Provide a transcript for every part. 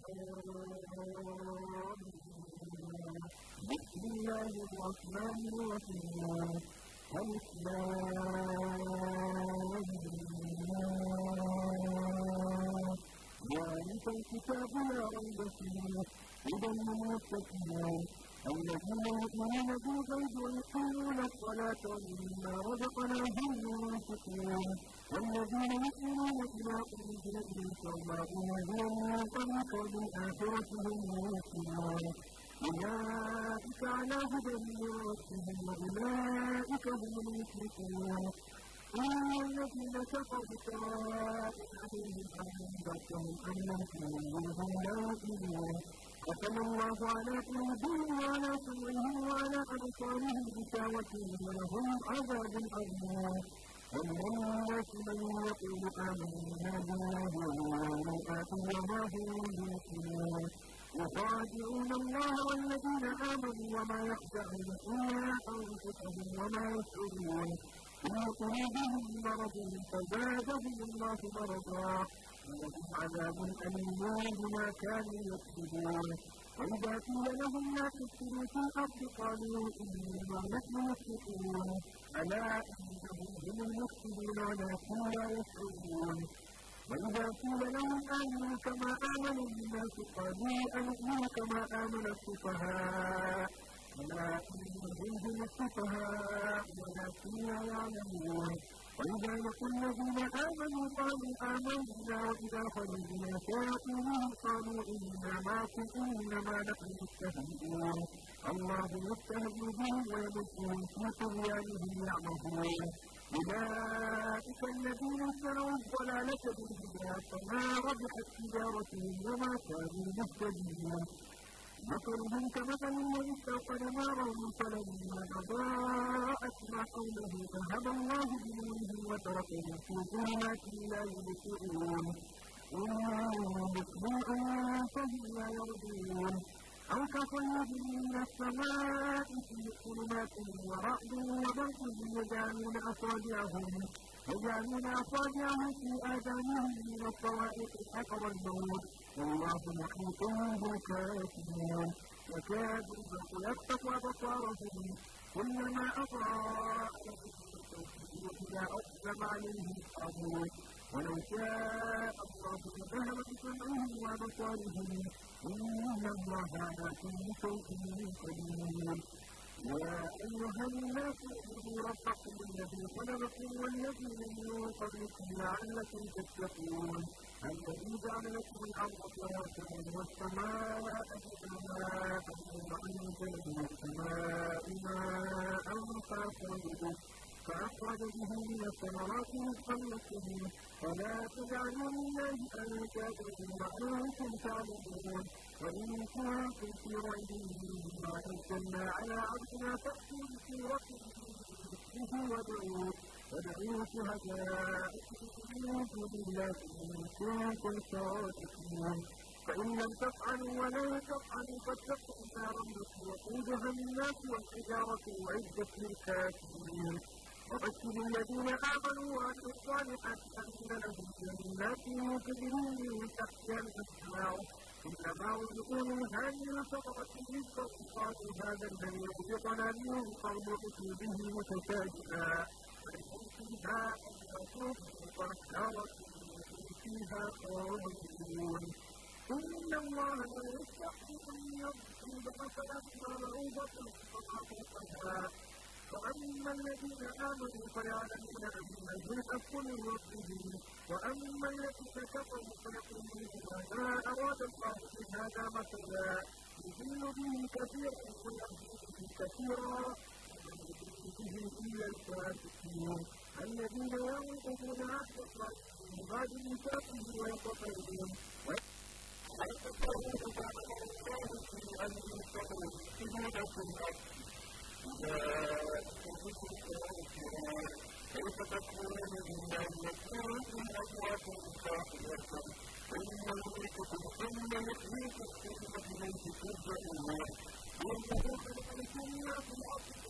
بسم الله الرحمن الرحيم ألف ذلك الكتاب لا ريب فيه هدى للمتقين الذين يؤمنون بالغيب ويقيمون الصلاة ومما رزقناهم ينفقون والذين يسيرون إلى قلوبهم ثم إنهم من قبلك وبالآخرتهم يوقنون أولئك على هدى من ربهم وأولئك هم المفلحون إن الذين كفروا سواء عليهم أنذرتهم أم لم تنذرهم لا يؤمنون ختم الله على قلوبهم وعلى سمعهم وعلى أبصارهم غشاوة ولهم عذاب أليم والناس من يقول آمنا بالملائكة وظاهر المسلمين يخادعون الله والذين آمنوا وما يخدعون إلا أنفسهم وما يشعرون في قلوبهم مرض فزادهم الله مرضا ولهم عذاب أليم بما كانوا يكسبون وإذا قيل لهم لا تفسدوا في الأرض قالوا إنما نحن مفسدون ألا إنهم هم المفسدون ولكن لا يشعرون وإذا قيل لهم آمنوا كما آمن الناس قالوا أنؤمن كما آمن السفهاء ألا إنهم هم السفهاء ولكن لا يعلمون وإذا الذين آمنوا قالوا آمنا وإذا خلوا إلى شياطينهم قالوا إنا معكم إنما نحن مستهزئون الله يستهزئ بهم ويمدهم في طغيانهم يعمهون أولئك الذين اشتروا الضلالة بالهدى فما ربحت تجارتهم وما كانوا مهتدين مثلهم كمثل من استوقد نارا فلما أضاءت ما حوله ذهب الله بنوره وتركه في ظلمات لا يبصرون إنهم مسموع فهم لا يرجون أو كصيب من السماء في ظلمات ورعد وبرق يجعلون أصابعهم يجعلون أصابعهم في آذانهم من الصواعق حذر الموت والله محيط بالكافرين يكاد البرق يخطف أبصارهم كلما أضاء إذا أقدم عليه القبور ولو شاء الله لذهب بسمعهم وأبصارهم إن الله على كل شيء قدير يا أيها الناس اعبدوا ربكم الذي خلقكم والذي من قبلكم لعلكم تتقون الذي جعل لكم الأرض فراشا والسماء بناء وأنزل من السماء ماء فأخرج به فأخرج به من الثمرات رزقا لكم فلا تجعلوا لله أندادا وأنتم تعلمون وإن كنتم في ريب مما أنزلنا على عبدنا فأتوا بسورة مثله ودعوه ودعوا شهداءكم من دون الله إن كنتم صادقين فإن لم تفعلوا ولن تفعلوا فاتقوا النار التي وقودها الناس والحجارة أعدت للكافرين وبشر الذين آمنوا وعملوا الصالحات أن لهم جنات تجري من تحتها الأنهار كلما رزقوا منها من ثمرة رزقا قالوا هذا الذي رزقنا من قوم به متفاجئا فيها أزواج مطهرة إن الله لا يستحي أن يضرب مثلا موعظة فعقبها فأما الذين آمنوا فيعلمون أنه الحق من ربهم وأما الذين كفروا فيقولون ماذا أراد الله بهذا مثلا يضل به كثيرا ويهديه كثيرا gentile entrante Signore, alle mie ore che sono i vari mutati di una cosa di Dio. Hai fatto un po' di tempo di tempo di tempo di tempo di tempo di tempo di tempo di tempo di tempo di tempo di tempo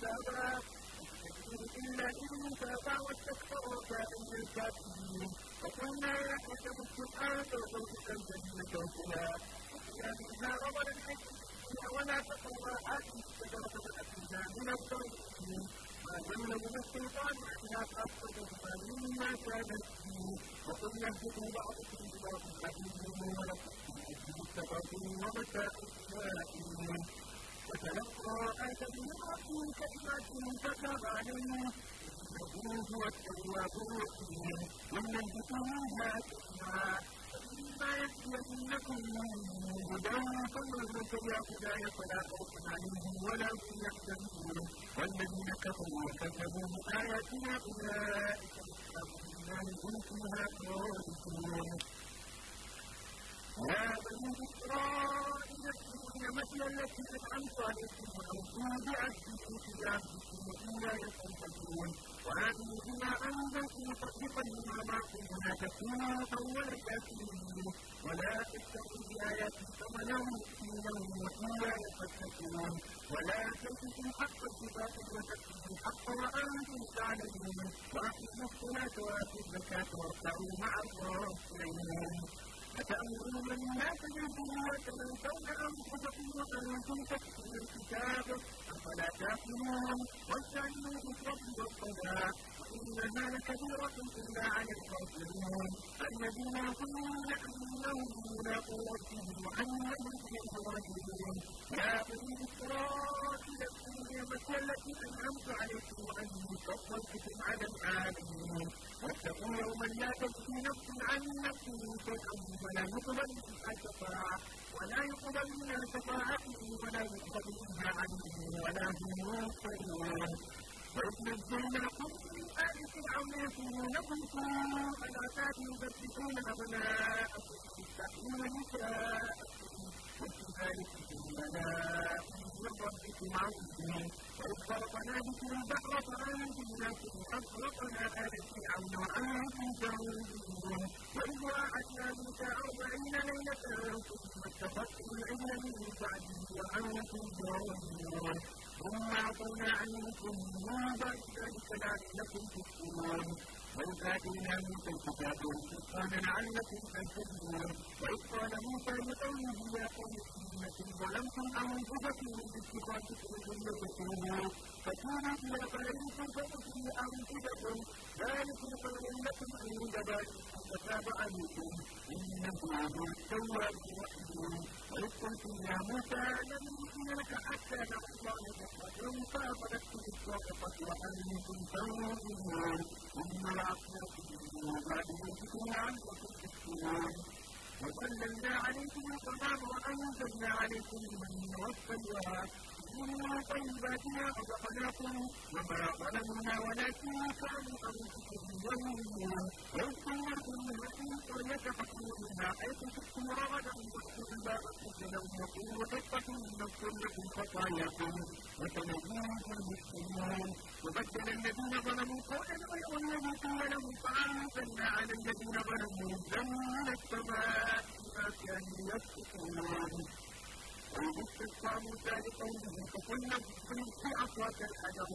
سبا إلا إن تابع واستكبر فإن الكافرين وكنا نحسب السبحان فوقت الجنة وكلا وكنا بها رملا ولا تقربا هذه الشجرة فأتينا من الظالمين وأذلوا بالسلطان إلا فأصبحوا مما كانت فيه وقل يهبطوا بعضكم ببعض حبيب ولكم في التقاتل ومتاع السائلين فتلقى آدم من ربه كلمات فتاب عليه إنه هو التواب الرحيم ومن بتوبها تسمع فإما يأتينكم هدى فمن تبع هداي فلا خوف عليهم ولا هم يحزنون والذين كفروا وكذبوا بآياتنا أولئك أصحاب النار هم فيها خالدون يا بني إسرائيل نعمتنا التي أنعمت عليكم وأودعت بكم كتابكم وإياي فارتدون وآمنوا بما أنزلت مصدقا لما معكم ولا تكونوا أول الكافرين ولا تتقوا بآياتي ثمنا مثيرا وإياي فاتقون ولا تلبسوا الحق بباطل وتكتموا الحق وأنتم تعلمون وأقيموا الصلاة وآتوا الزكاة واركعوا مع الراكعين أتأمرون الناس بالبر وتنسون أنفسكم وأنتم تكتبون الكتاب أفلا تأكلون واستعينوا بالصبر والصلاة إنها لكبيرة إلا على الخاسرين الذين يقولون أنهم ملاق ربهم وأنهم إليه راجعون يا بني إسرائيل اذكروا نعمتي التي أنعمت عليكم وأني فضلتكم على العالمين واتقوا يوما لا تجزي نفس عن نفس شيئا ولا يقبل منها شفاعة ولا يقبل منها شفاعة ولا يقبل منها عدل ولا هم ينصرون وإذ نجيناكم من آل فرعون يسومونكم سوء العذاب يذبحون أبناءكم ويستحيون نساءكم وفي ذلك بلاء من ربكم عظيم وإذ ضربنا بكم البحر فأنجيناكم وأغرقنا آل فرعون وأنتم تعودون وإذ واعدنا موسى أربعين ليلة ثم اتخذتم العجل من بعده وأنتم ظالمون ثم عفونا عنكم من بعد ذلك لعلكم تشكرون وإذ آتينا موسى الكتاب والفرقان لعلكم تهتدون وإذ قال موسى لقومه يا قوم أنكم ظلمتم أنفسكم باتخاذكم الجنة الشهور فتوبوا إلى بارئكم فقتلوا أنفسكم ذلكم خير لكم عند بارئكم فتاب عليكم إنه هو التواب الرحيم وإذ قلتم يا موسى لن نؤمن لك حتى نرى الله جهرة فأخذتكم الصاعقة وأنتم تنظرون ثم لعقناكم من بعد موتكم لعلكم تشكرون وسلمنا عليكم الغمام وأنزلنا عليكم المن والسلوى كلوا من طيبات ما رزقناكم وما ظلمنا ولكن كانوا أنفسهم يظلمون وإذ قلناكم من هذه القرية فكلوا منها حيث شئتم رغدا واخذوا ما أخذناه وقولوا من نغفر لكم خطاياكم وسنزيد المحسنين وبدل الذين ظلموا قولا غير الذي قيل لهم فأنزلنا على الذين ظلموا ذنب السماء بما كانوا يفسقون والاستسقام لقومه فكنا في أصوات الحجر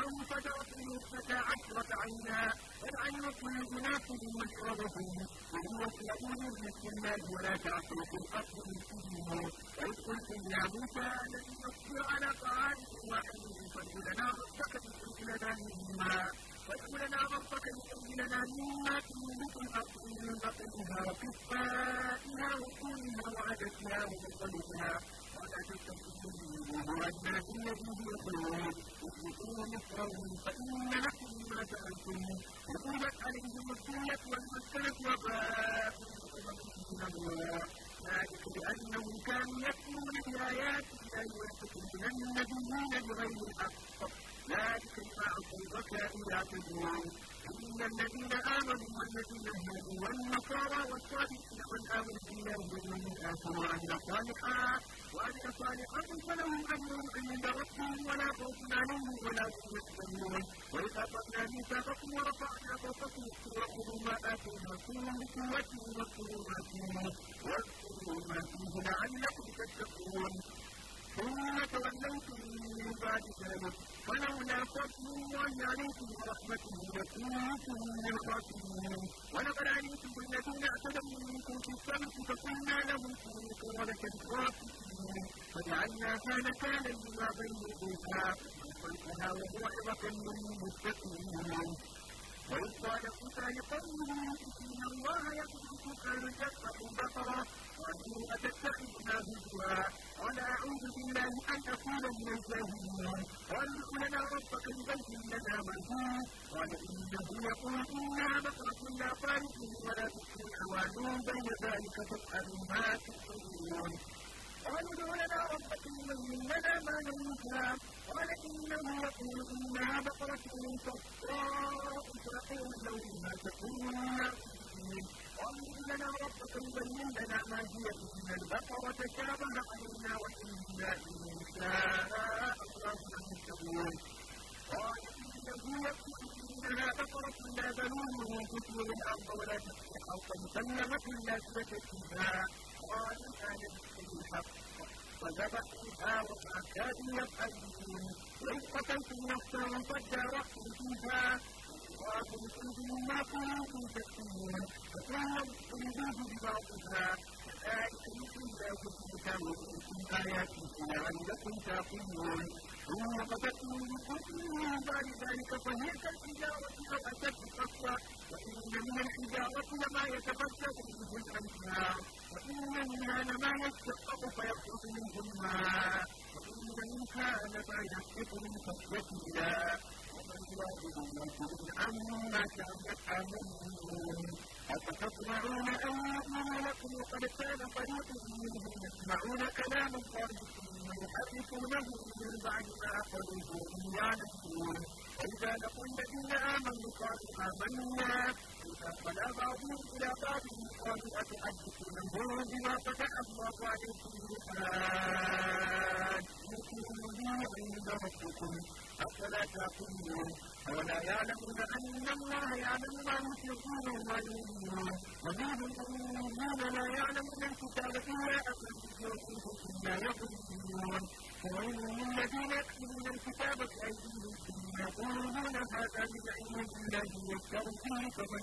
أو فجرت به عشرة عينا العين كل أناس مشربهم وهو يشربون من السماء ولا تعصوا في الأرض مسلمين وإذ قلتم يا موسى لن نصبر على طعام واحد فادع لنا ربك يخرج لنا مما فادع لنا ربك يخرج لنا مما تنبت الأرض من بطنها وقفائها وطولها وعدسها وبطنها وأما الذي هو خير اتركوه مصرهم فإن لكم ما سألتم وطولت عليهم الذلة والمسكنة وباء من الله ذلك بأنهم كانوا يكفرون بآيات الله ويقتلون النبيين بغير الحق ذلك بما عصوا وكانوا إن الذين آمنوا والذين هادوا والنصارى والصادقين والآمنين بالله واليوم الآخر وعملوا صالحا وأن صالحا فلهم أجر عند ربهم ولا خوف عليهم ولا هم يحزنون وإذ أخذنا ميثاقكم ورفعنا فوقكم الطور خذوا ما آتيناكم بقوة واذكروا ما فيه واذكروا ما فيه لعلكم تتقون ثم توليتم من بعد ذلك فلولا فضل الله عليكم ورحمته لكنتم من الخاسرين ولقد علمتم الذين اعتدوا منكم في السبت فقلنا لهم كونوا قردة خاسرين فجعلناها نكالا لما بين يديها وخلقها وموعظة للمتقين وإذ قال موسى لقومه إن الله يقذف أن تفتحوا بصرا وأنتم أتتخذنا هزوا ولا أعوذ بالله أن أكون من الجاهلين قالوا لنا ربك بذنب لنا مرجوع قال إنه يقول ولا يظلمون ومنهم الذين يكتبون الكتاب بأيديهم ثم يقولون هذا من عند الله يشتروا به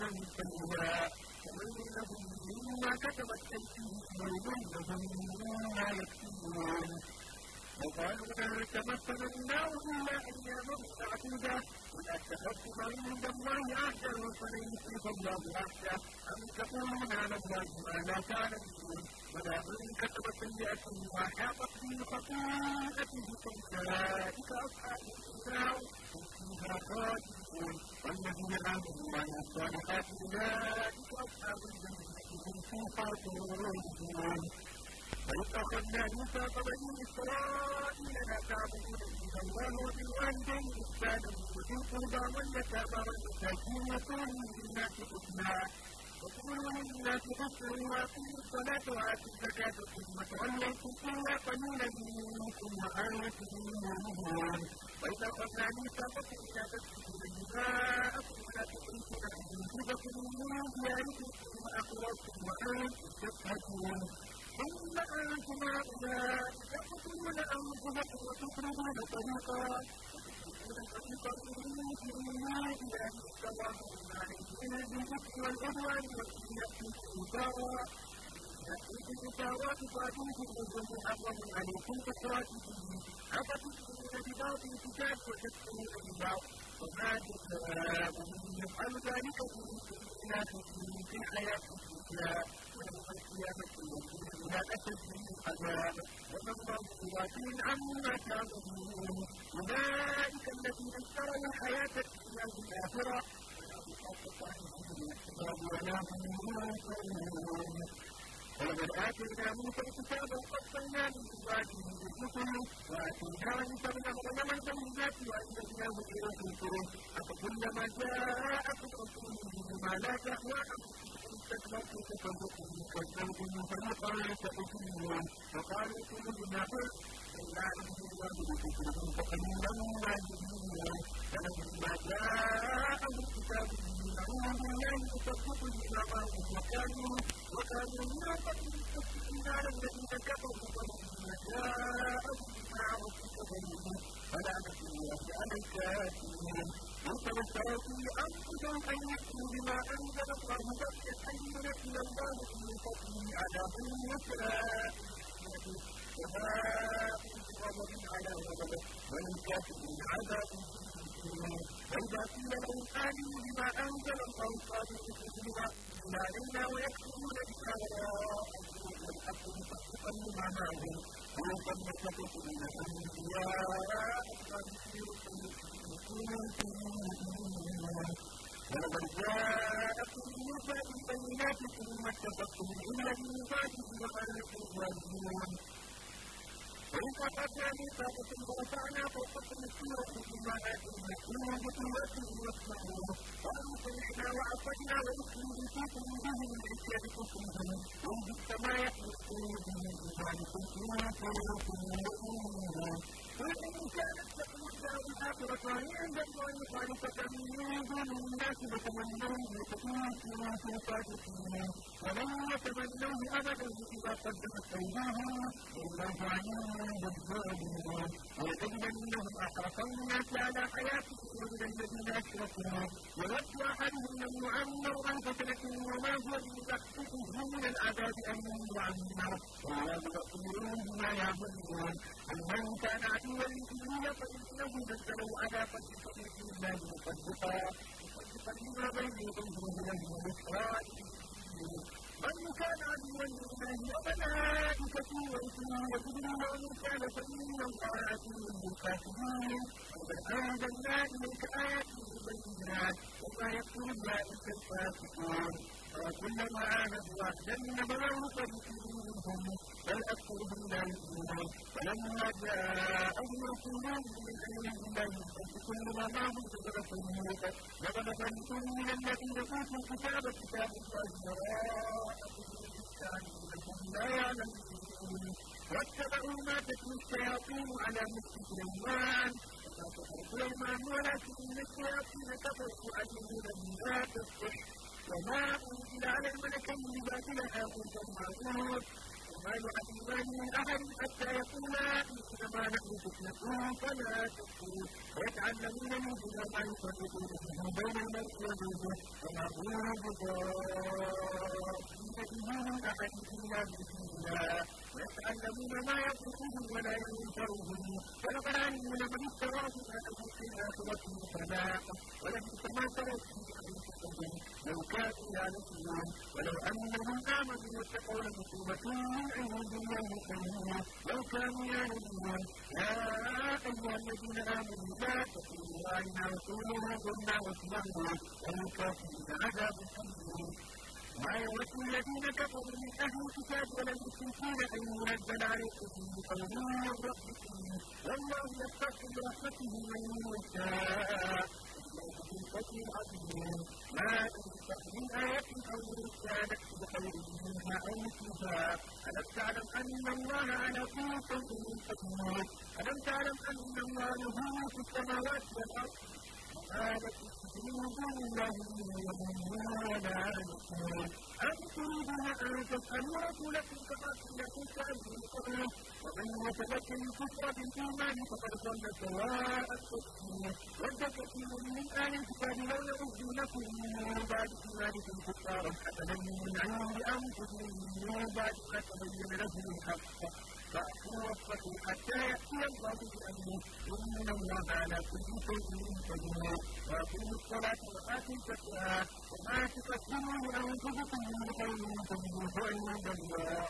وعهدنا موسى فبني إسرائيل لا تعبدون إلا الله وبالوالدين إحسانا وذي القربى واليتامى والمساكين وقولوا للناس حسنا وقولوا للناس حسنا وأقيموا الصلاة وآتوا الزكاة ثم توليتم إلا قليلا منكم وأنتم مؤمنون وإذا أخذنا ميثاقكم لا تسكتون دماءكم ولا تخرجون أنفسكم من دياركم ثم أقررتم وأنتم تشهدون يسلكون طريقا يسلكون طريقا إلا إلى مستوى من الذكر والعدوان يأتيكم إثارا يأتيكم إثارا تقاتلكم من محرم عليكم فقاتلكم أفتؤمنون بباطل الكتاب وتكفرون ببعض وما جزاء من يفعل ذلك إلا في الحياة الدنيا ويوم القيامة يكون إلى أشد العذاب وما الله بغافل عما Amen. وعلى رسولهم يعبدون أنه كان عدوا لجبريل فإنه نزله على قلبك بإذن الله مصدقا مصدقا لما بين يديه من البشرى من كان عدوا لله وملائكته ورسله وجبريل وميكال فإن الله عدو للكافرين وقد أنزلنا إليك آيات مبينات وما يكفر بها إلا الفاسقون وكلما عاهدوا عهدا نبذه فريقين منهم بل أكثرهم لا يؤمنون فلما جاءهم رسولهم بالعلم لا يؤمنون كلما معهم كذبت الموت لقد فريق من الذين أوتوا كتاب كتاب الله وراء أنهم لا يعلمون واتبعوا ما تتلو الشياطين على ملك سليمان وما كفر سليمان ولكن الشياطين كفروا يعلمون الناس السحر وما أنزل على الملكين ببابل هاروت وماروت ما يعلمان من أحد حتى يقولا ما نحن فتنة فلا تكفرون ويتعلمون منهما ما يفرقون به بين المرء وزوجه وما هم بضارين من أحد إلا بإذن الله ويتعلمون ما يضرهم ولا ينفعهم ولقد علموا لمن اشتراه ما له في الآخرة من خلاق ولبئس ما أنفسهم لو كانوا يعلمون ولو أنهم آمنوا واتقوا لمصيبه من عند الله خيرا لو كانوا يعلمون يا أيها الذين آمنوا لا تقولوا علينا وقولوا كنا واسمعنا وللكافرين عذاب أليم ما يود الذين كفروا من أهل الكتاب ولا المشركين أن ينزل عليكم من قول من ربكم والله يستغفر برحمته من يشاء من فضل ألم تعلم أن الله على كل شيء قدير ألم تعلم أن الله له في السماوات والأرض وكانت وجوه الله يومها ولا يكون أن تريدون أن تسألوا رسولكم كما سئلكم ومن يتلك الكفر بالإيمان فقد ضل سواء السبيل ود كثير من أهل الكتاب لو يردونكم من بعد إيمانكم كفارا حسنا من عند أنفسهم من بعد ما تبين لهم الحق فأخذوا وصفكم حتى يأتي الله بأمره إن الله على كل شيء قدير وأقيموا الصلاة وآتوا الزكاة وما تقدموا لأنفسكم من خير تجدوه عند الله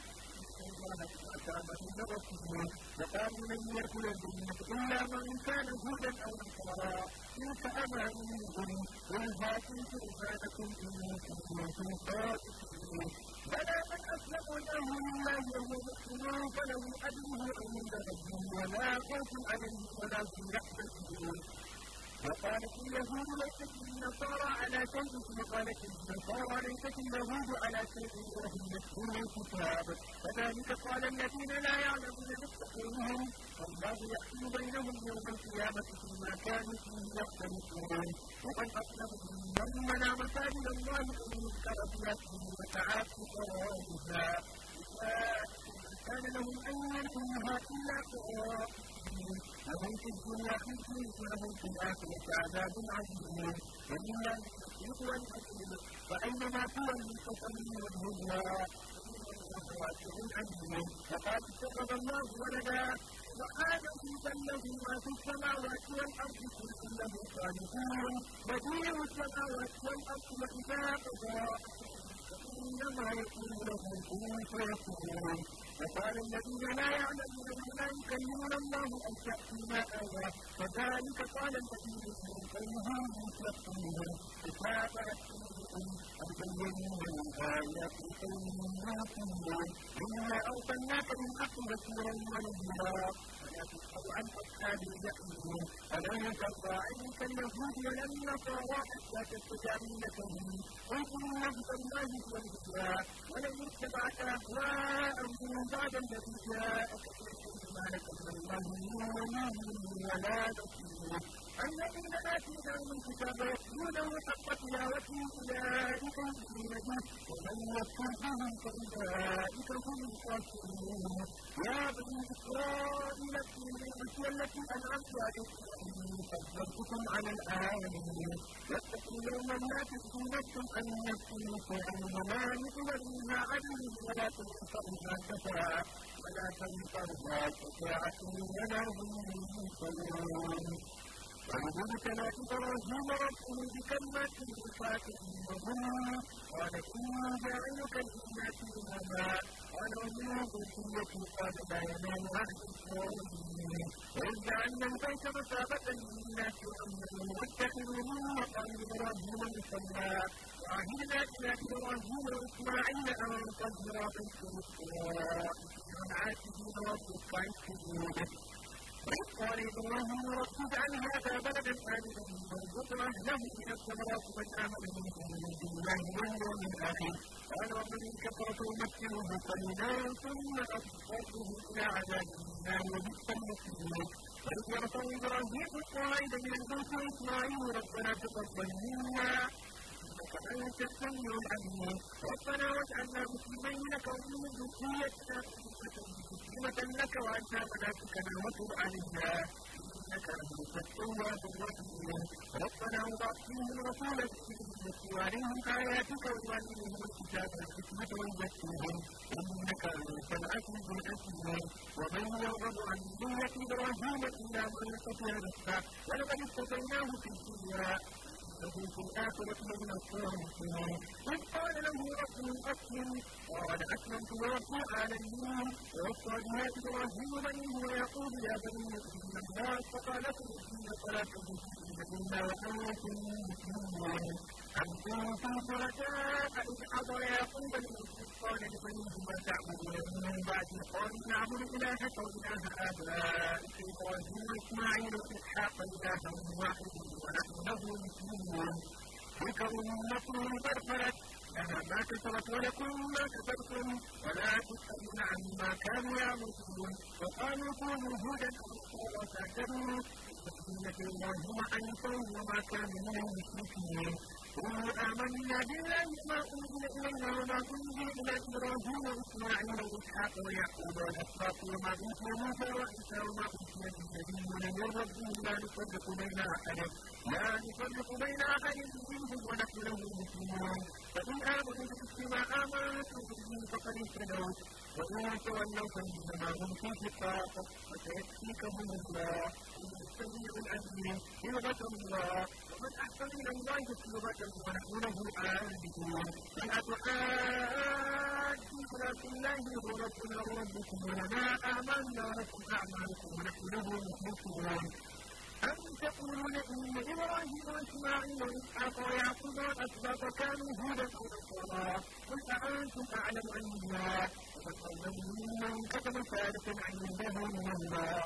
وقالوا لن يأكل الجنة إلا من كان هودا أو نصارى تلك أمانيهم قل هاتوا برهانكم إن كنتم صادقين بلى من أسلم لله وهو مسلم فله أجره عند ربه ولا خوف عليهم ولا هم يحزنون وقالت اليهود ليست النصارى على شيء وقالت النصارى ليست اليهود على شيء يتلون الكتاب كذلك قال الذين لا يعلمون مستقيمهم والله يحكم بينهم يوم القيامة فيما كانوا فيه يختلفون ومن أظلم من منع مساجد الله أن يذكر باسمه وتعافى في كان لهم أن يدخلوها إلا قراء لهم في الدنيا خزي ولهم في الآخرة عذاب عظيم بديع السماوات والأرض وإذا قضى إنما يكون له كن فيكون وقال الذين لا يعلمون بما يكلمون الله أن ما آية كذلك قال الذين من قبلهم يكلمون فكافرت قلوبكم أن تبينوا من آيات قوم يعقلون إنا أرسلناك بالحق رسولا ونبيا فلا تسأل عن أصحاب اليمين ألا ينفع ينالكم الذين آتيناهم الكتاب يتلونه حق تلاوته أولئك يؤمنون به ومن يكفر به فأولئك هم الخاسرون يا بني إسرائيل اذكروا نعمتي التي أنعمت عليكم وإني فضلتكم على العالمين واتقوا يوما لا تجزي نفس عن نفس شيئا ولا منها عدل ولا تنفع ما كسبت فارجع شفاعة من الأرض وإذ ابتلى إبراهيم ربه بكلمات فأتمهن قال إني جاعلك للناس إماما قال ومن ذريتي قال لا ينام عهد الظالمين وإذ جعلنا البيت مثابة للناس وأمنا واتخذوا من مقام إبراهيم مصلى وعهدنا إلى إبراهيم وإسماعيل أن طهرا بيت للقراء عاكفين ربك يكذبون قالوا رب اجعل هذا بلدا آمنا وارزق له من الثمرات من آمن منهم بالله واليوم الآخر قال ومن كفر فأمتعه قليلا ثم أضطره إلى عذاب النار وبئس المصير وإذ يرفع إبراهيم القواعد من البيت اسماعيل ربنا تقبل منا فلا تستنوا عنهم ربنا واجعلنا مسلمين لك ومن ذريتنا مسلمة لك وأنت ملائكنا وتب علينا إنك أنت التواب الرحيم ربنا وضع فيهم رسولا يتلو عليهم آياتك ويعلمهم الكتاب والحكمة ويزكيهم إنك أنت العزيز الحكيم ومن يرغب عن ملة إبراهيم إلا من سفه نفسه ولقد اصطفيناه في الدنيا لهم في الآخرة من الصالحين إذ قال له ربه أسلم قال أسلمت لرب العالمين ووصى بها إبراهيم بنيه ويقول يا بني إن الله اصطفى لكم الدين فلا تشركوا الذين وحول المسلمين أم كنتم شركاء إذ حضر يعقوب الموت قال لبنيه ما تعبدون من بعدي قالوا نعبد إلهك وإله آبائك إبراهيم وإسماعيل وإسحاق إلها واحد ونحن له مسلمون تلك أمة قد خلت لها ما كسبت ولكم ما كسبتم ولا تسألون عما كانوا يعملون وقالوا كونوا هودا أو نصارى تهتدوا سنة الله وأن ما كانوا مشركين قل آمنا بالله ما أنزل إلينا وما أنزل إلى إبراهيم وإسماعيل وإسحاق ويعقوب والأسباط وما أوتي موسى وعيسى وما أوتي النبيون من ربهم لا نفرق بين أحد لا نفرق بين أحد منهم ونحن له مسلمون فإن آمنوا بمثل ما آمنتم به فقد اهتدوا وإن تولوا فإنما هم في شقاق وسيكفيكهم الله سبيل الأنبياء لغة الله ومن أحسن إلى الله لغة ونحن له عابدون بل أتحاجون في الله وربنا وربكم ولنا آمنا لكم أعمالكم ونحن له مخلصون أم تقولون إن إبراهيم وإسماعيل وإسحاق ويعقوب والأسباط كانوا هودا أو نصارى قل أأنتم أعلم عن الله فقد من كتب ثالثا عن الله من الله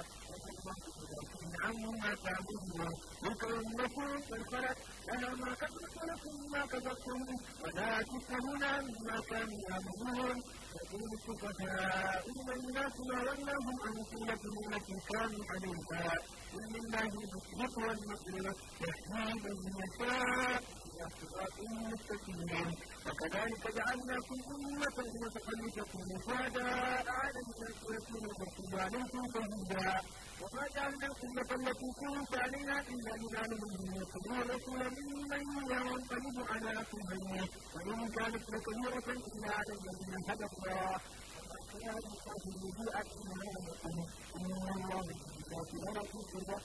عما تعبدون وكأنكم قد خلت أنا ما كسبت لكم ما كسبتم ولا تسألون عما كانوا يعبدون يقول السفهاء إن الناس ما ولاهم عن قبلتهم التي كانوا عليها قل لله المشرق والمغرب يهدي من يشاء إلى صراط مستقيم وكذلك جعلناكم أمة متخلفة شهداء على الناس ويكونوا الرسول عليكم شهيدا وما جعلناكم مثل كنت علينا إلا لنعلم منكم الرسول ممن ينقلب على قلبه وإن كانت لكبيرة إلا على الذين هدى الله وما ليجيئك إلا بقوم إن الله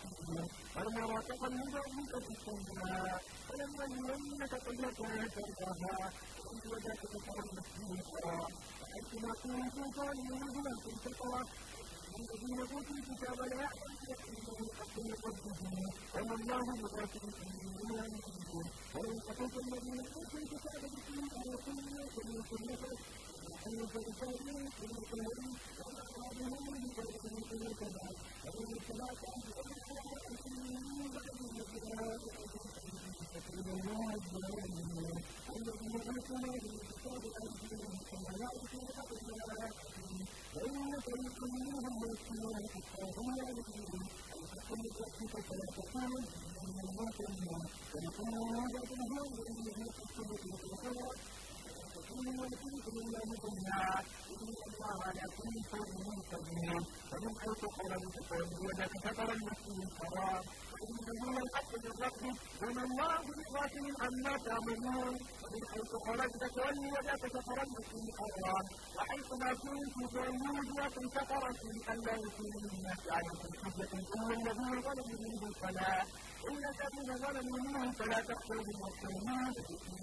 فلما رافق المجرمك في السماء فلما يمنك قبل ترضاها وإن وجدك فقد مسجد الحرام فحيث ما كنتم فليجيئكم فقرا الذين اوتوا الكتاب لا يحكمون حتى يصدقون وما الله بغافل عما يشركون ولو قتلت الذين فمن حيث قال المسلمون ولكن فترى المسلمين حرام إن من الحق من ربك وما الله عما تعملون ومن حيث خرجت تولي وجهك فخرج في الحرام وحيث ما كنت فولي وجهكم سفرا في ألا يكون للناس عليكم حجة إلا الذين ظلموا منهم فلا إن الذين ظلموا منهم فلا تقتلوا المسلمين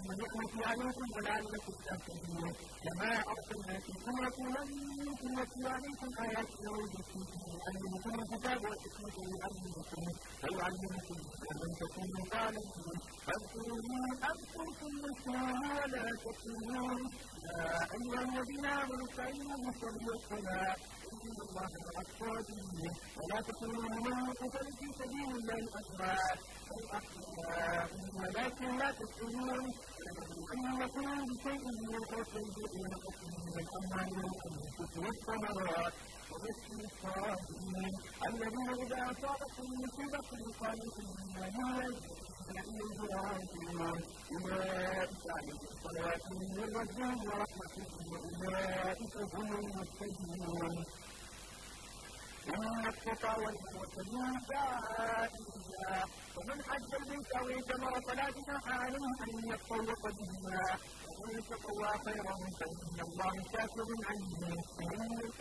من نعمة عليكم ولعلكم تستغفرون كما فيكم رسولا منكم يتلو عليكم آياتنا ويزكيكم ويعلمكم الكتاب والحكمة ويعلمكم ويعلمكم أن تكونوا ظالمين فاذكروني أذكركم مثلي ولا تكونوا يا أيها الذين آمنوا فإنه صلي الصلاة دين الله الأقصى ولا تكونوا ممن قتل في سبيل الله أسرى ولكن لا تسألون أنكم بشيء من الخوف والجوع والقسم من الأموال والأنفس والثمرات وبشر الصابرين الذين إذا أصابتهم مصيبة قالوا إنا لله أولئك عليهم صلوات من ربهم ورحمة وأولئك هم المهتدون ومن القطى دائما ومن حج البيت او الجمر فلا جناح عليه ان يتطوق بهما ومن تقوى خيرا فان الله شاكر عليم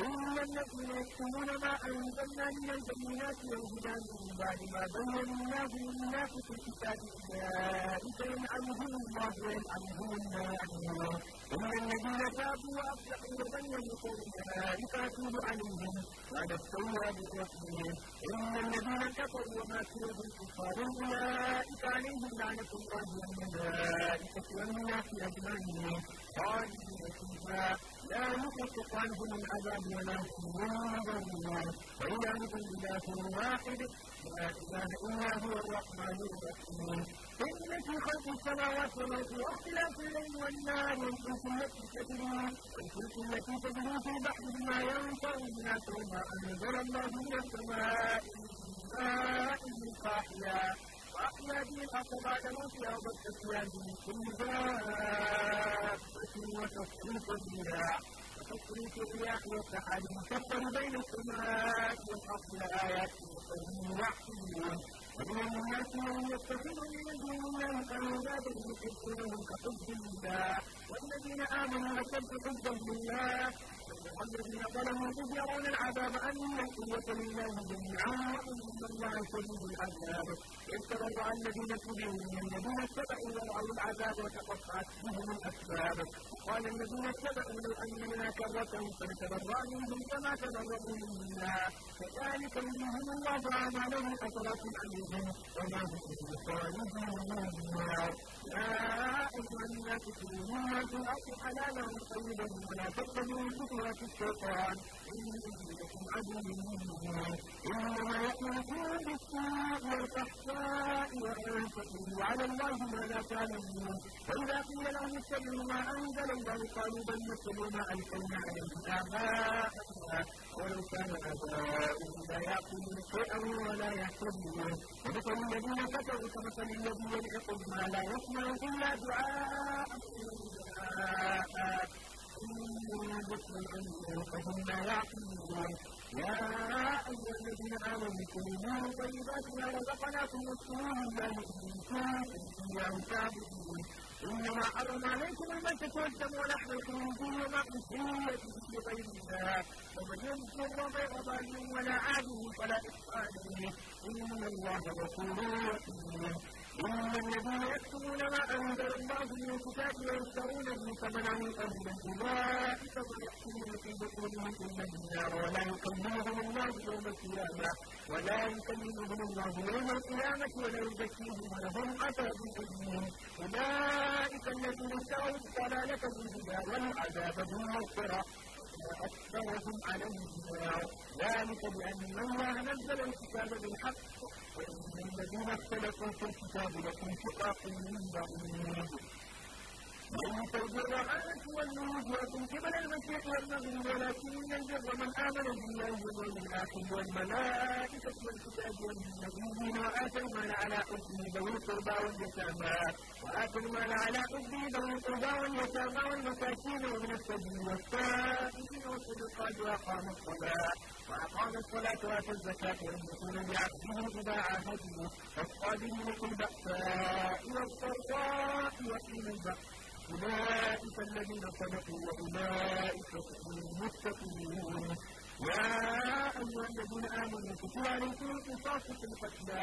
ان الذين يكتمون ما انزلنا من البينات والهدى من بعد ما بيناه للناس في الكتاب اولئك ينعمهم الله ويلعنهم اللاعنون ثم الذين تابوا واصلحوا وبينوا فاولئك اتوب عليهم وانا التواب بفضلهم ان الذين كفروا وماتوا بالكفار اولئك عليهم لعنه الله والملائكه والناس اجمعين خالدين فيها لا يخفف عنهم العذاب ولا هم ينظرون وإلهكم إله واحد لا إله إلا هو الرحمن الرحيم في خلق السماوات والارض واختلاف الليل والنهار والفلك التي تجري والفلك التي تجري في البحر بما ينفع الناس وما انزل الله من السماء من ماء فاحيا وأحيا به الأرض بعد موتها وبث فيها من كل دابة وتصريف الرياح وتصريف الرياح والسحاب المكبر بين السماء والأرض لآيات لقوم يعقلون ومن الناس من يتخذ من دون الله أندادا يحبونهم كحب الله والذين آمنوا أشد حبا لله والذين ظلموا إذ يرون العذاب أن القوة لله جميعا وإن الله شديد العذاب اتبعوا عن الذين تبعوا من الذين اتبعوا ورأوا العذاب وتقطعت بهم الأسباب قال الذين اتبعوا لو اننا كرتهم فنتبرأ منهم كما تبرأوا منا كذلك يريهم الله أعمالهم اثرات عليهم وما هم بخارجين من النار يا أيها الناس كلوا مما في الأرض حلالا طيبا ولا تتبعوا خطوات الشيطان إنما يأتيكم بالسوء والفحشاء وأن تقولوا الله ما لا تعلمون وإذا قيل لهم اتبعوا ما أنزل الله قالوا بل نتبع ما أنزلنا عليه آباءنا ولو كان آباؤهم لا يعقلون شيئا ولا يهتدون ومثل الذين كفروا كمثل الذي يلحق ما لا يسمع إلا دعاء يا أيها الذين آمنوا كلوا من طيبات ما رزقناكم واشكروا لله إن كنتم إياه تعبدون إنما حرم عليكم الميتة والدم ولحم الخنزير وما أهل به غير الله ومن يذكر غير ضال ولا عاده فلا إثم إن الله غفور رحيم إن الذين يكتمون ما أنزل الله من الكتاب ويشترون به ثمنا قليلا أولئك سيحكمون في بطونهم إلا النار ولا يكلمهم الله يوم القيامة ولا يكلمهم الله يوم القيامة ولا يزكيهم ولهم عذاب أليم أولئك الذين اشتروا الضلالة بالهدى والعذاب بالمغفرة وأكثرهم عليه النار ذلك بأن الله نزل الكتاب بالحق Mas não é pela complexidade, ela tem que estar mundo وإن تبدو أن تولوا وجوهكم قبل المشرق والمغرب ولكن البر من آمن بالله واليوم والملائكة والكتاب والنبيين واتى المال على حبه ذوي القربى واليتامى واتى المال على حبه ذوي القربى واليتامى والمساكين ومن السبيل والسائلين والصدقات وأقاموا الصلاة وأقام الصلاة وآتى الزكاة والمسلمون بعهدهم إذا عاهدوا والصابرين في البأساء والضراء وحين البأس أولئك الذين صدقوا وأولئك هم المتقون يا أيها الذين آمنوا كتب عليكم القصاص في القتلى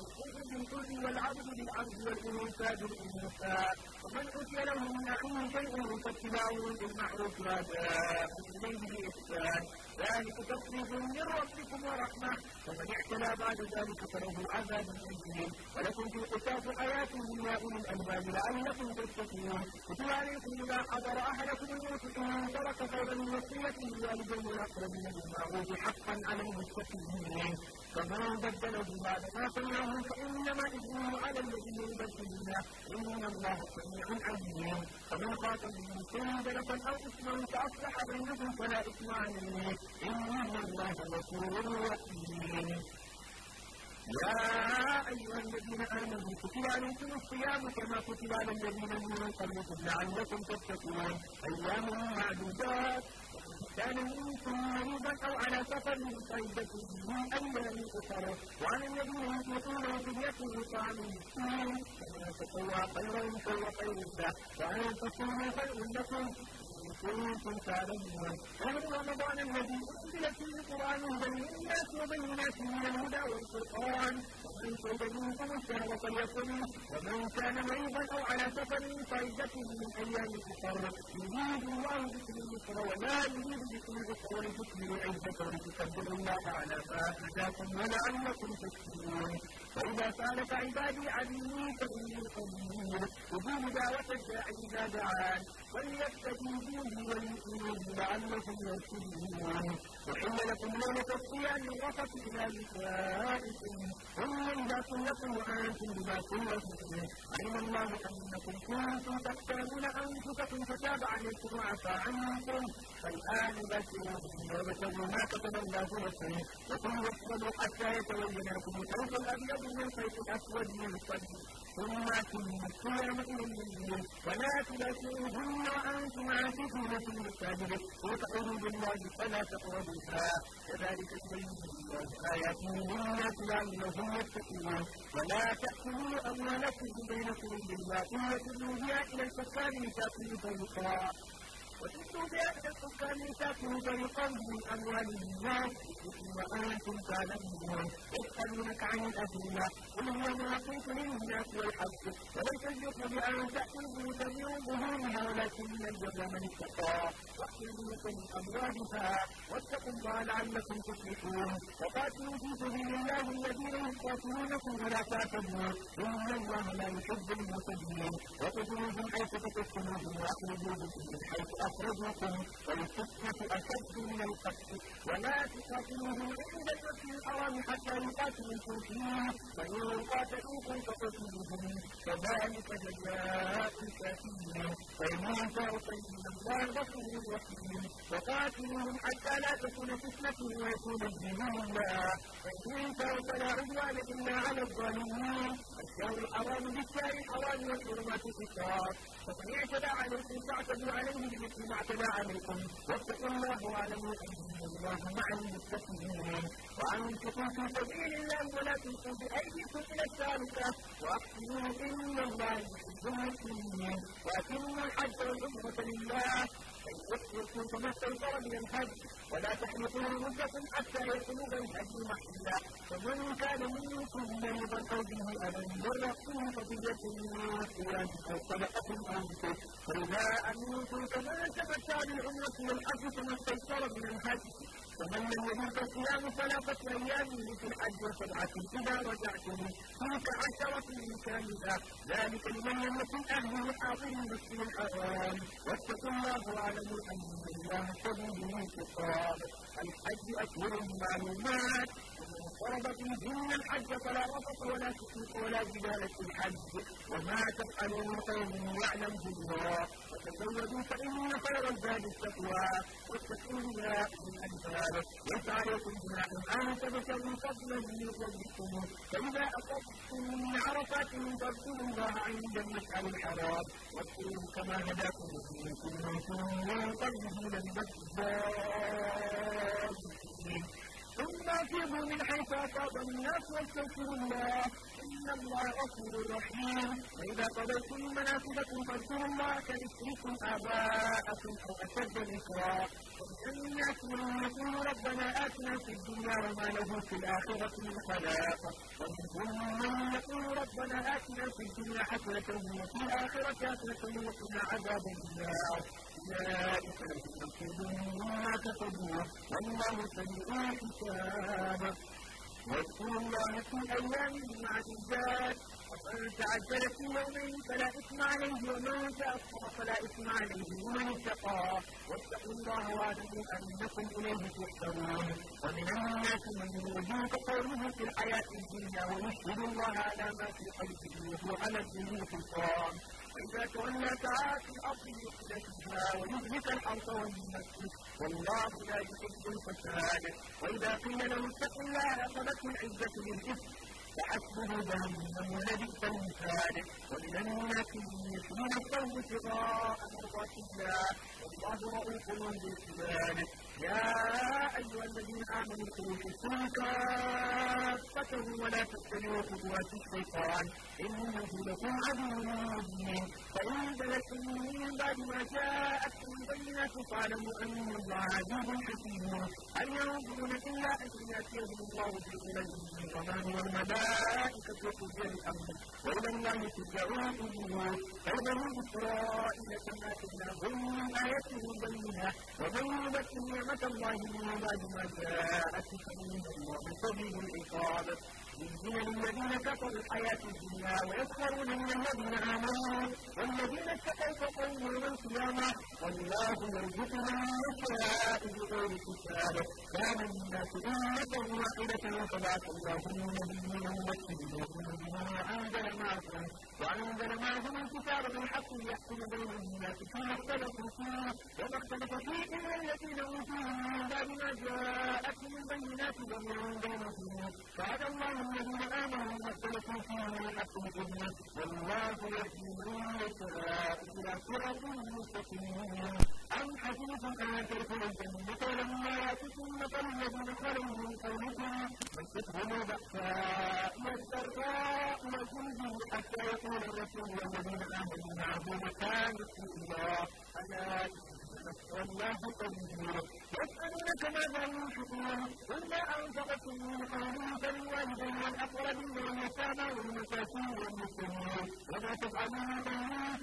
الحر بالحر والعبد بالعبد والأنثى بالأنثى ومن أوتي له من أخيه شيء فاتباع بالمعروف وأداء إليه بإحسان ذلك تخفيف من ربكم ورحمة فمن اعتلى بعد ذلك فله عذاب أليم ولكم في قصاص حياة من أولي الألباب لعلكم تتقون كتب عليكم إذا حضر أحدكم الموت إن ترك خيرا من وصيته لوالديه والأقربين بالمعروف حقا على التقيين فمن بدله بعد ما سمعه فإنما إثمه على الذين يبدلون إن الله سميع عليم فمن قاتل به سندرة أو إثما فأصلح بينهم فلا إثم عليه إن الله غفور رحيم يا أيها الذين آمنوا كتب عليكم الصيام كما كتب على الذين من قبلكم لعلكم تتقون أيام معدودات كان النبي مريضا او على سفر فعدة من ايام اخرى طعام مسكين فمن تطوع خيرا فهو خير له وان تصوموا خير لكم كنتم تعلمون ومن رمضان الذي انزل فيه القران هدى للناس وبينات من الهدى والفرقان فليمكن الشهر فليصمه ومن كان مريضا او على سفر فعدة من ايام الكفار يريد الله بكم اليسر ولا يريد بكم العسر ولتكملوا عدة ولتكبروا الله على ما هداكم ولعلكم تشكرون فإذا سألك عبادي عني فإني قريب أجيب دعوة الداعي إذا دعان فليستجيبوه وليؤمنوه لعلكم يرشدون وحل لكم ليلة الصيام الرفث إلى نسائكم هن لباس لكم وأنتم لباس لهم علم الله أنكم كنتم تختارون أنفسكم فتاب عليكم وعفى عنكم فالآن بشروهن وابتغوا ما كتب الله لكم وكلوا واشربوا حتى يتبين لكم الخيط الأبيض من الخيط الأسود من الصدق ثم تمتعن إليهن ولا تبكيهن وأنتم عاكفون في المساجد وتعوذ بالله فلا تقربوها كذلك يبين الله آياته للناس لعلهم يتقون ولا تأكلوا أموالكم بينكم بالباطل وتدلوا بها إلى الفساد لتأكلوا الفقراء وجدت بأن الكفار ساقوا فريقا من أموال الناس أنتم تعلمون يسألونك عن الأدلة قل هو مواقيت للناس والحج وليس البر بأن تأتوا من ظهورها ولكن من البر من اتقى واحسنوا من أموالها واتقوا الله لعلكم تفلحون وقاتلوا في سبيل الله الذين يقاتلونكم ولا تعتدوا إن الله لا يحب المعتدين وخذوهم حيث تكفلوهم وأخرجوهم من حيث يخرجكم والفتنة أشد من القتل ولا تقاتلوهم إلا في الحرم حتى يقاتلوكم فيه فإن قاتلوكم فقتلوهم كذلك جزاء الكافرين فإن فإن الله غفور رحيم وقاتلوهم حتى لا تكون فتنة ويكون الدين لله فإن فلا عدوان إلا على الظالمين الشهر الحرام بالشهر الحرام والحرمات الكفار فمن اعتدى عليكم فاعتدوا عليه بمثل ما اعتدى عليكم واتقوا الله واعلموا ان الله مع المتقين وانفقوا في سبيل الله ولا تلقوا بايديكم الى الثالثه واحسنوا ان الله يحب المسلمين واتموا الحج والعمره لله فان احسنتم فما استيسر من الحج ولا تحلقوا رؤوسكم حتى يبلغ الهدي محلا فمن كان منكم من او به أن من فدية من صيام او صدقة او نسك فاذا امنتم فما تمتع بالعمرة والحج فما استيسر من الهدي فمن لم يجد فصيام ثلاثة أيام في الحج وسبعة إذا رجعتم تلك عشرة كاملة ذلك لمن لم يكن أهله حاضر المسجد الحرام واتقوا الله واعلموا أن الله شديد الانتقام الحج أكبر المعلومات فرضت فيهن الحج فلا رفث ولا فسوق ولا جدال في الحج وما تفعلوا من خير يعلمه الله وتزودوا فإن خير الزاد التقوى واتقوا الله من أنفال ليس عليكم جناح أن تبتغوا فضلا من ربكم فإذا أصبتم من عرفات فاذكروا الله عند المشعر الحرام واذكروا كما هداكم إن كنتم من قبله لمن الضالين ثم أفيضوا من حيث أفاض الناس واستغفروا الله إن الله غفور رحيم واذا قضيتم مناسككم فاذكروا الله كذكركم آباءكم أو أشد ذكرا ومن يكفر يقول ربنا آتنا في الدنيا وما له في الآخرة من خلاق ومنهم من يقول ربنا آتنا في الدنيا حسنة وفي الآخرة حسنة وقنا عذاب النار أولئك يتخذون ما تقدمون والله سميع حسابا واذكروا الله في أيام معدودات فمن تعجل في يومين فلا إثم عليه ومن تأخر فلا إثم عليه ومن اتقى واتقوا الله واعلموا أنكم إليه تحشرون ومن الناس من يعجبك قوله في الحياة الدنيا ويشهد الله على ما في قلبه وهو على الدنيا سلطان وإذا تولى سعى الأرض يفسدها ويهلك الحرث والنسل والله لا يحب الفساد وإذا قيل له اتق الله أخذته العزة بالإثم فحسبه جهنم ولبئس المثال ومن الناس من يشرون الثوب ابتغاء مرضات الله والله رؤوف بالعباد يا أيها الذين آمنوا اتقوا في السلم كافة ولا تتبعوا خطوات الشيطان إنه لكم عدو مبين فإن زللتم من بعد ما جاءتكم البينات فاعلموا أن الله عزيز حكيم هل ينظرون إلا أن يأتيهم الله في ظلل الرحمن والملائكة وقضي الأمر وإلى الله ترجع الأمور فبني إسرائيل كما تبلغون من آياته بينها ومن يبكي نعمة الله من بعد ما جاءتك منه الله شديد العقاب يجزون الذين كفروا الحياة الدنيا ويسخرون من الذين آمنوا والذين اتقوا فوقهم يوم القيامة والله يرزق من يشاء بغير حساب كان الناس أمة واحدة فبعث الله النبيين مبشرين وأنزل معكم وأنزل معهم الكتاب بالحق ليحكم بين الناس فيما اختلفوا فيه وما اختلف فيه إلا الذين أوتوه من بعد ما جاءتهم البينات ومن بينهم فهدى الله الذين آمنوا وما اختلفوا فيه من الحق بإذنه والله يهدي من يشاء إلى صراط مستقيم أم حسبتم أن تدخلوا الجنة لما يأتكم مثل الذين خلوا من قومكم مستهم بأساء والسراء والجند حتى يقول الرسول والذين آمنوا معه مكانكم الله ألا إن الله قدير يسألونك ماذا ينفقون قل ما أنفقتم من خير فالوالدين والأقربين واليتامى والمساكين والمسلمين وما تفعلوا من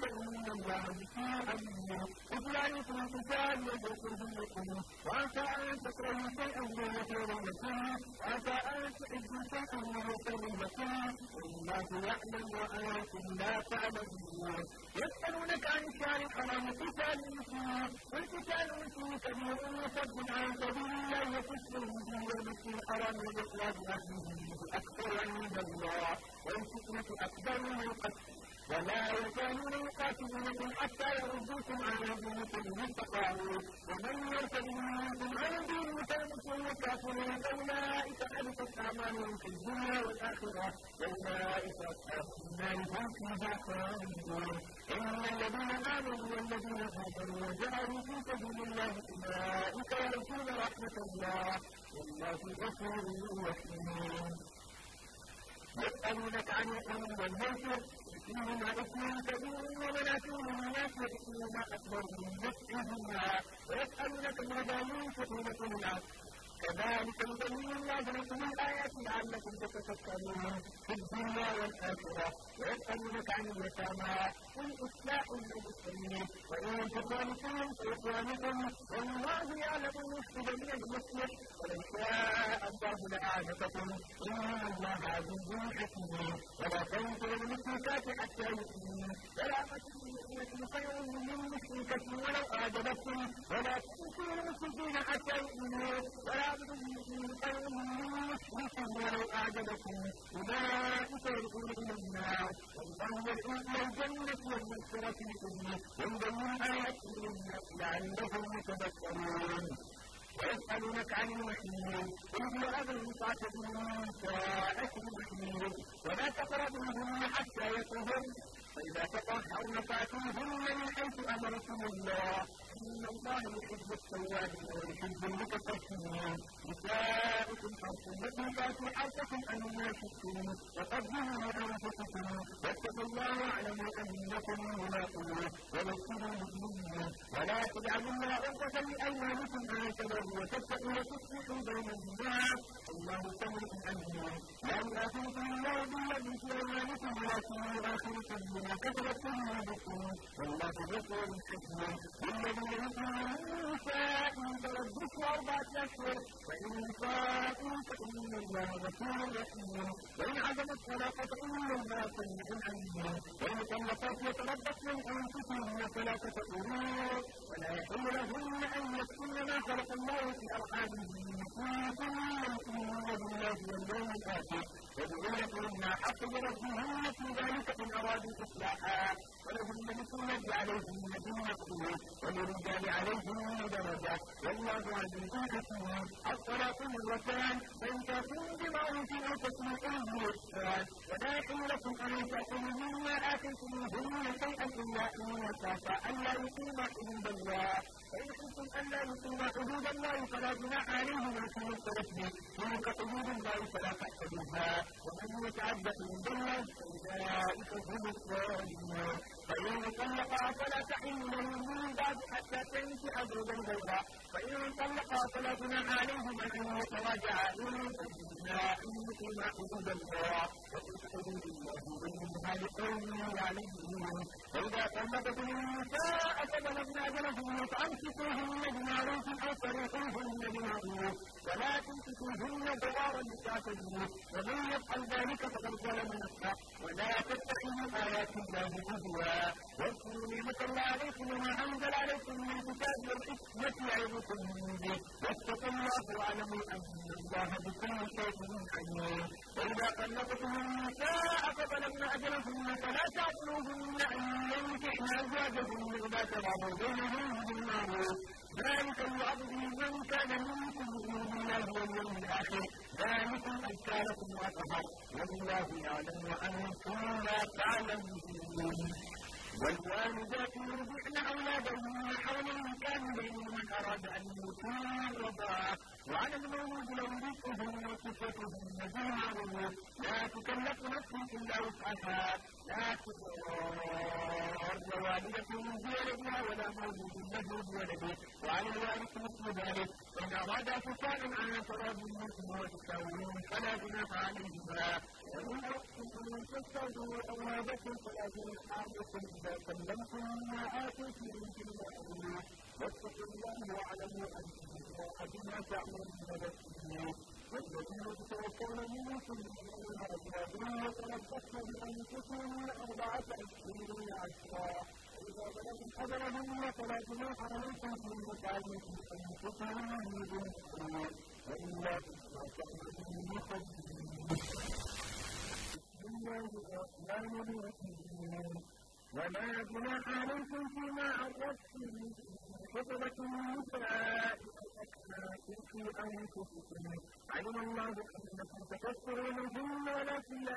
خير فإن الله به عليم اتل عليكم الكتاب يذكركم لكم وعسى أن تكرهوا شيئا وهو خير لكم وعسى أن تحبوا شيئا وهو شر لكم والله يعلم وأنتم لا تعلمون يسألونك عن الشهر الحرام قتال فيه والقتال فيه كبير صد عن سبيل الله به بالمسجد الحرام وإخراج أهله أكثر عند الله والفتنة أكبر من القتل ولا يكادون يقاتلونكم حتى يردوكم عن دينكم إن استطاعوا ومن يرتد منكم عن دينه فيمسوا كافرين فأولئك حبطت أعمالهم في الدنيا والآخرة وأولئك أصحاب النار هم فيها خالدون إن الذين آمنوا والذين هاجروا وجاهدوا في سبيل الله أولئك يرجون رحمة الله والله غفور رحيم يسألونك عن الأمر والمنكر فيهما إثم كبير ومنافع للناس وإثمهما أكبر من نفعهما ويسألونك المجانين فقل لكم العفو كذلك نبين الله لكم الآيات لعلكم تتفكرون في الدنيا والآخرة ويسألونك عن اليتامى قل إصلاح للمسلمين وإن تكونوا فيهم فإخوانكم والله يعلم المفسد من المسلم ولو شاء الله لأعنتكم إن الله عزيز حكيم ولا تنكروا المشركات حتى يؤمنوا سلامة المؤمنة خير من المشركة ولو أعجبتكم ولا تنكروا المشركين حتى يؤمنوا ولا تعبدوا من دونه مشركا ولو أعجبكم أولئك يدخلون النار والله يدعو إلى الجنة والمغفرة بإذنه ويبين آياته للناس لعلهم يتذكرون ويسألونك عن المحيط قل هو أذى متعدد نساءكم المحيط ولا تقربوهن حتى يطهرن فإذا تطهرن فأتوهن من حيث أمركم الله إن الله يحب التوابين ويحب المتطهرين نساؤكم حرث لكم فأتوا حرثكم أن شئتم وقدموا لأنفسكم واتقوا الله واعلموا أنكم ملاقوه وبشروا المؤمنين ولا تجعلوا الله عقدة لأيمانكم أن تبروا وتتقوا وتصلحوا بين الناس والله سميع عليم وأن أخيكم الله بالذي بيده ومالكم لكن أخيكم بما كسبت قلوبكم والله غفور حكيم والذين يؤمنون النساء تلبسوا أربعة أشهر فإن فاتوا فإن الله غفور رحيم وإن عزموا الطلاق فإن الله سميع عليم والمطلقات يتربصن أنفسهن ثلاثة قلوب فلا يحل لهن أن يسكن ما خلق الله في أرحامهن يكونون بالله واليوم الآخر وبذلك مما حق ربهم في ذلك إن أرادوا إصلاحا ولهن مثل الذي عليهن بالمكروه وللرجال من درجة والله عزيز حكيم الطلاق مرتان فإن تكون بمعروف أو تسمعون بإحسان ولا يحل لكم أن تأكلوا مما آتيتموهن شيئا إلا أن يخاف ألا يقيم حدود الله فإن خفتم ألا يقيم حدود الله فلا جناح عليهما فيما اختلف به تلك حدود الله فلا تعتدوها ومن يتعدى حدود الله فأولئك هم الظالمون فإن طلقها فلا تحل من بعد حتى تنكح زوجا غيره فإن طلقا فلا جناح عليهما أن يتراجعا إن كنا إن يقيما حدود الله وفي حدود الله بينها لقوم يعلمون فإذا طلقتم النساء فبلغن أجلهن فأمسكوهن بمعروف أو فريقوهن بمعروف ولا تمسكوهن ضرارا لتعتدوا ومن يفعل ذلك فقد ظلم نفسه ولا تتخذوا آيات الله هزوا واذكروا نعمة الله عليكم وما أنزل عليكم من كتاب والحكمة يعظكم به واتقوا الله واعلموا ان الله بكل شيء عليم واذا طلقتم النساء فبلغن اجلهن فلا تعطلوهن ان ينكحن ازواجهن اذا تراضوا بينهم بالمعروف ذلك يوعظ به من كان منكم يؤمن بالله واليوم الاخر ذلكم اذكاركم واطهر والله يعلم وانتم لا تعلمون والوالدات يرضعن أولادهن حولين كاملين من أراد أن يتم الرضاعة وعلى المولود له رزقهن وكسوتهن بالمعروف لا تكلف نفس إلا وسعها لا تضار والدة من بولدها ولا مولود له بولده وعلى الوالد مثل ذلك فإن أرادا فسادا على تراب المسلم وتساوون فلا جناح عليهما ومن أن تشهدوا أولادكم فلكم أعلكم إذا سلمتم ما آتيتم في المعروف واتقوا الله واعلموا أن الله بما تعملون بشرا والذين يتوفون منكم يؤمنون أزواجهم يتربصن بأنفسهم أربعة أشهر عشرا فإذا بلغوا أجلهن فلا جناح عليكم فيما فعلوا أنفسهم من دون وإلا فإن لا تستطيعوا الله الرحمن الرحيم وما جناح عليكم فيما عرفتم خطبة النساء في أنفسكم علم الله أنكم تكثرون منهن ولكن لا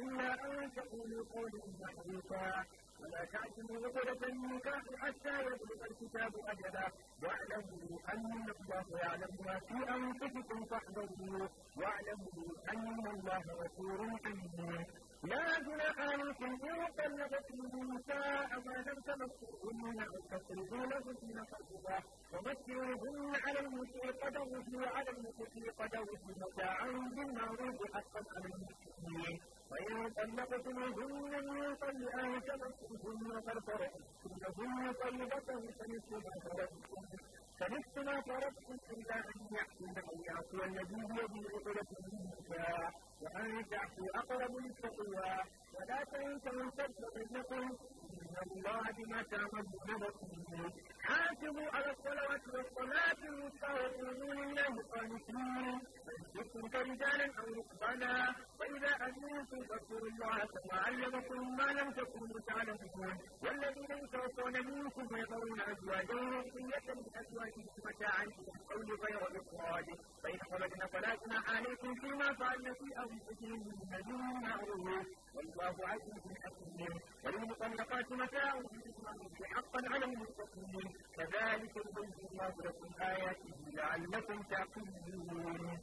إلا أن تقولوا قولا معروفا ولا تعزموا عقدة النكاح حتى يبلغ الكتاب أجلا واعلموا أن الله يعلم ما في أنفسكم فاحذروه واعلموا أن الله غفور حليم لا جناح عليكم إن طلقتم النساء ما لم تمسوهن أو تفرضوا لهن فرضا ومسروهن على المسيء قدره وعلى المسيء قدره متاعا بالمعروف حقا على المسلمين وإن طلقتموهن من قبل أن تمسوهن قد فرضتموهن طيبة فنصف ما فرضتم فنصف ما فرضتم إلا أن يحكم أو يعفو الذي بيده عقدة النساء وأن تعفو أقرب للتقوى ولا تنسوا الفضل بينكم الله بما تعملون بصير حافظوا على الصلوات والصلاة الوسطى وقولوا لله قانتين فإن رجالا أو ركبانا وإذا أمنتم فاذكروا الله كما علمكم ما لم تكونوا تعلمون والذين يتوفون منكم ويذرون ازواجهم وصية لأزواجهم متاعا إلى القول غير إخراج فإن خرجنا فلا جناح عليكم فيما فعلنا في أنفسهم من معروف والله عزيز حكيم وللمطلقات ومتاع حقا على المتقين كذلك يبين الله لكم آياته لعلكم تعقلون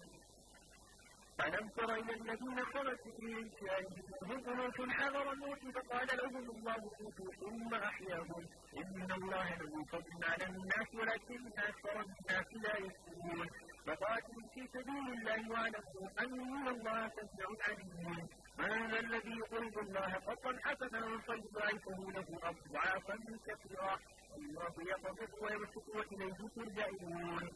ألم تر إلى الذين خرجوا من شأنهم قلوب حذر الموت فقال لهم الله موتوا ثم أحياهم إن الله له فضل على الناس ولكن أكثر الناس لا يشكرون فقاتلوا في سبيل الله واعلموا أن الله سميع عليم فهذا الذي يقرض الله قطا حسنا فيضاعفه له أضعافا كثيرا الله يقبض ويبسط وإليه ترجعون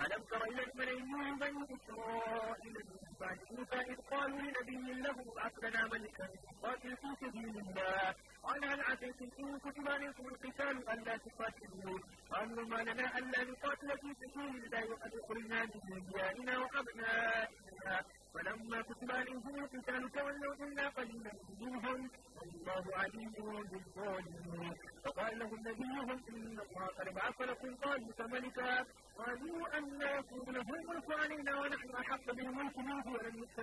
ألم تر إلى الملايين من بني إسرائيل من بعد موسى إذ قالوا لنبي له ابعث لنا ملكا قاتل في سبيل الله قال هل عسيتم إن كتب عليكم القتال ألا تقاتلوا قالوا ما لنا ألا نقاتل في سبيل الله وقد أخرجنا من ديارنا وأبنائنا ولما كتب عليهم القتال تولوا إلا قليلا منهم والله عليم بالظالمين فقال لهم نبيهم إن الله قد بعث لكم طالوت ملكا قالوا أن يكون له الملك علينا ونحن أحق بالملك منه ولم يؤت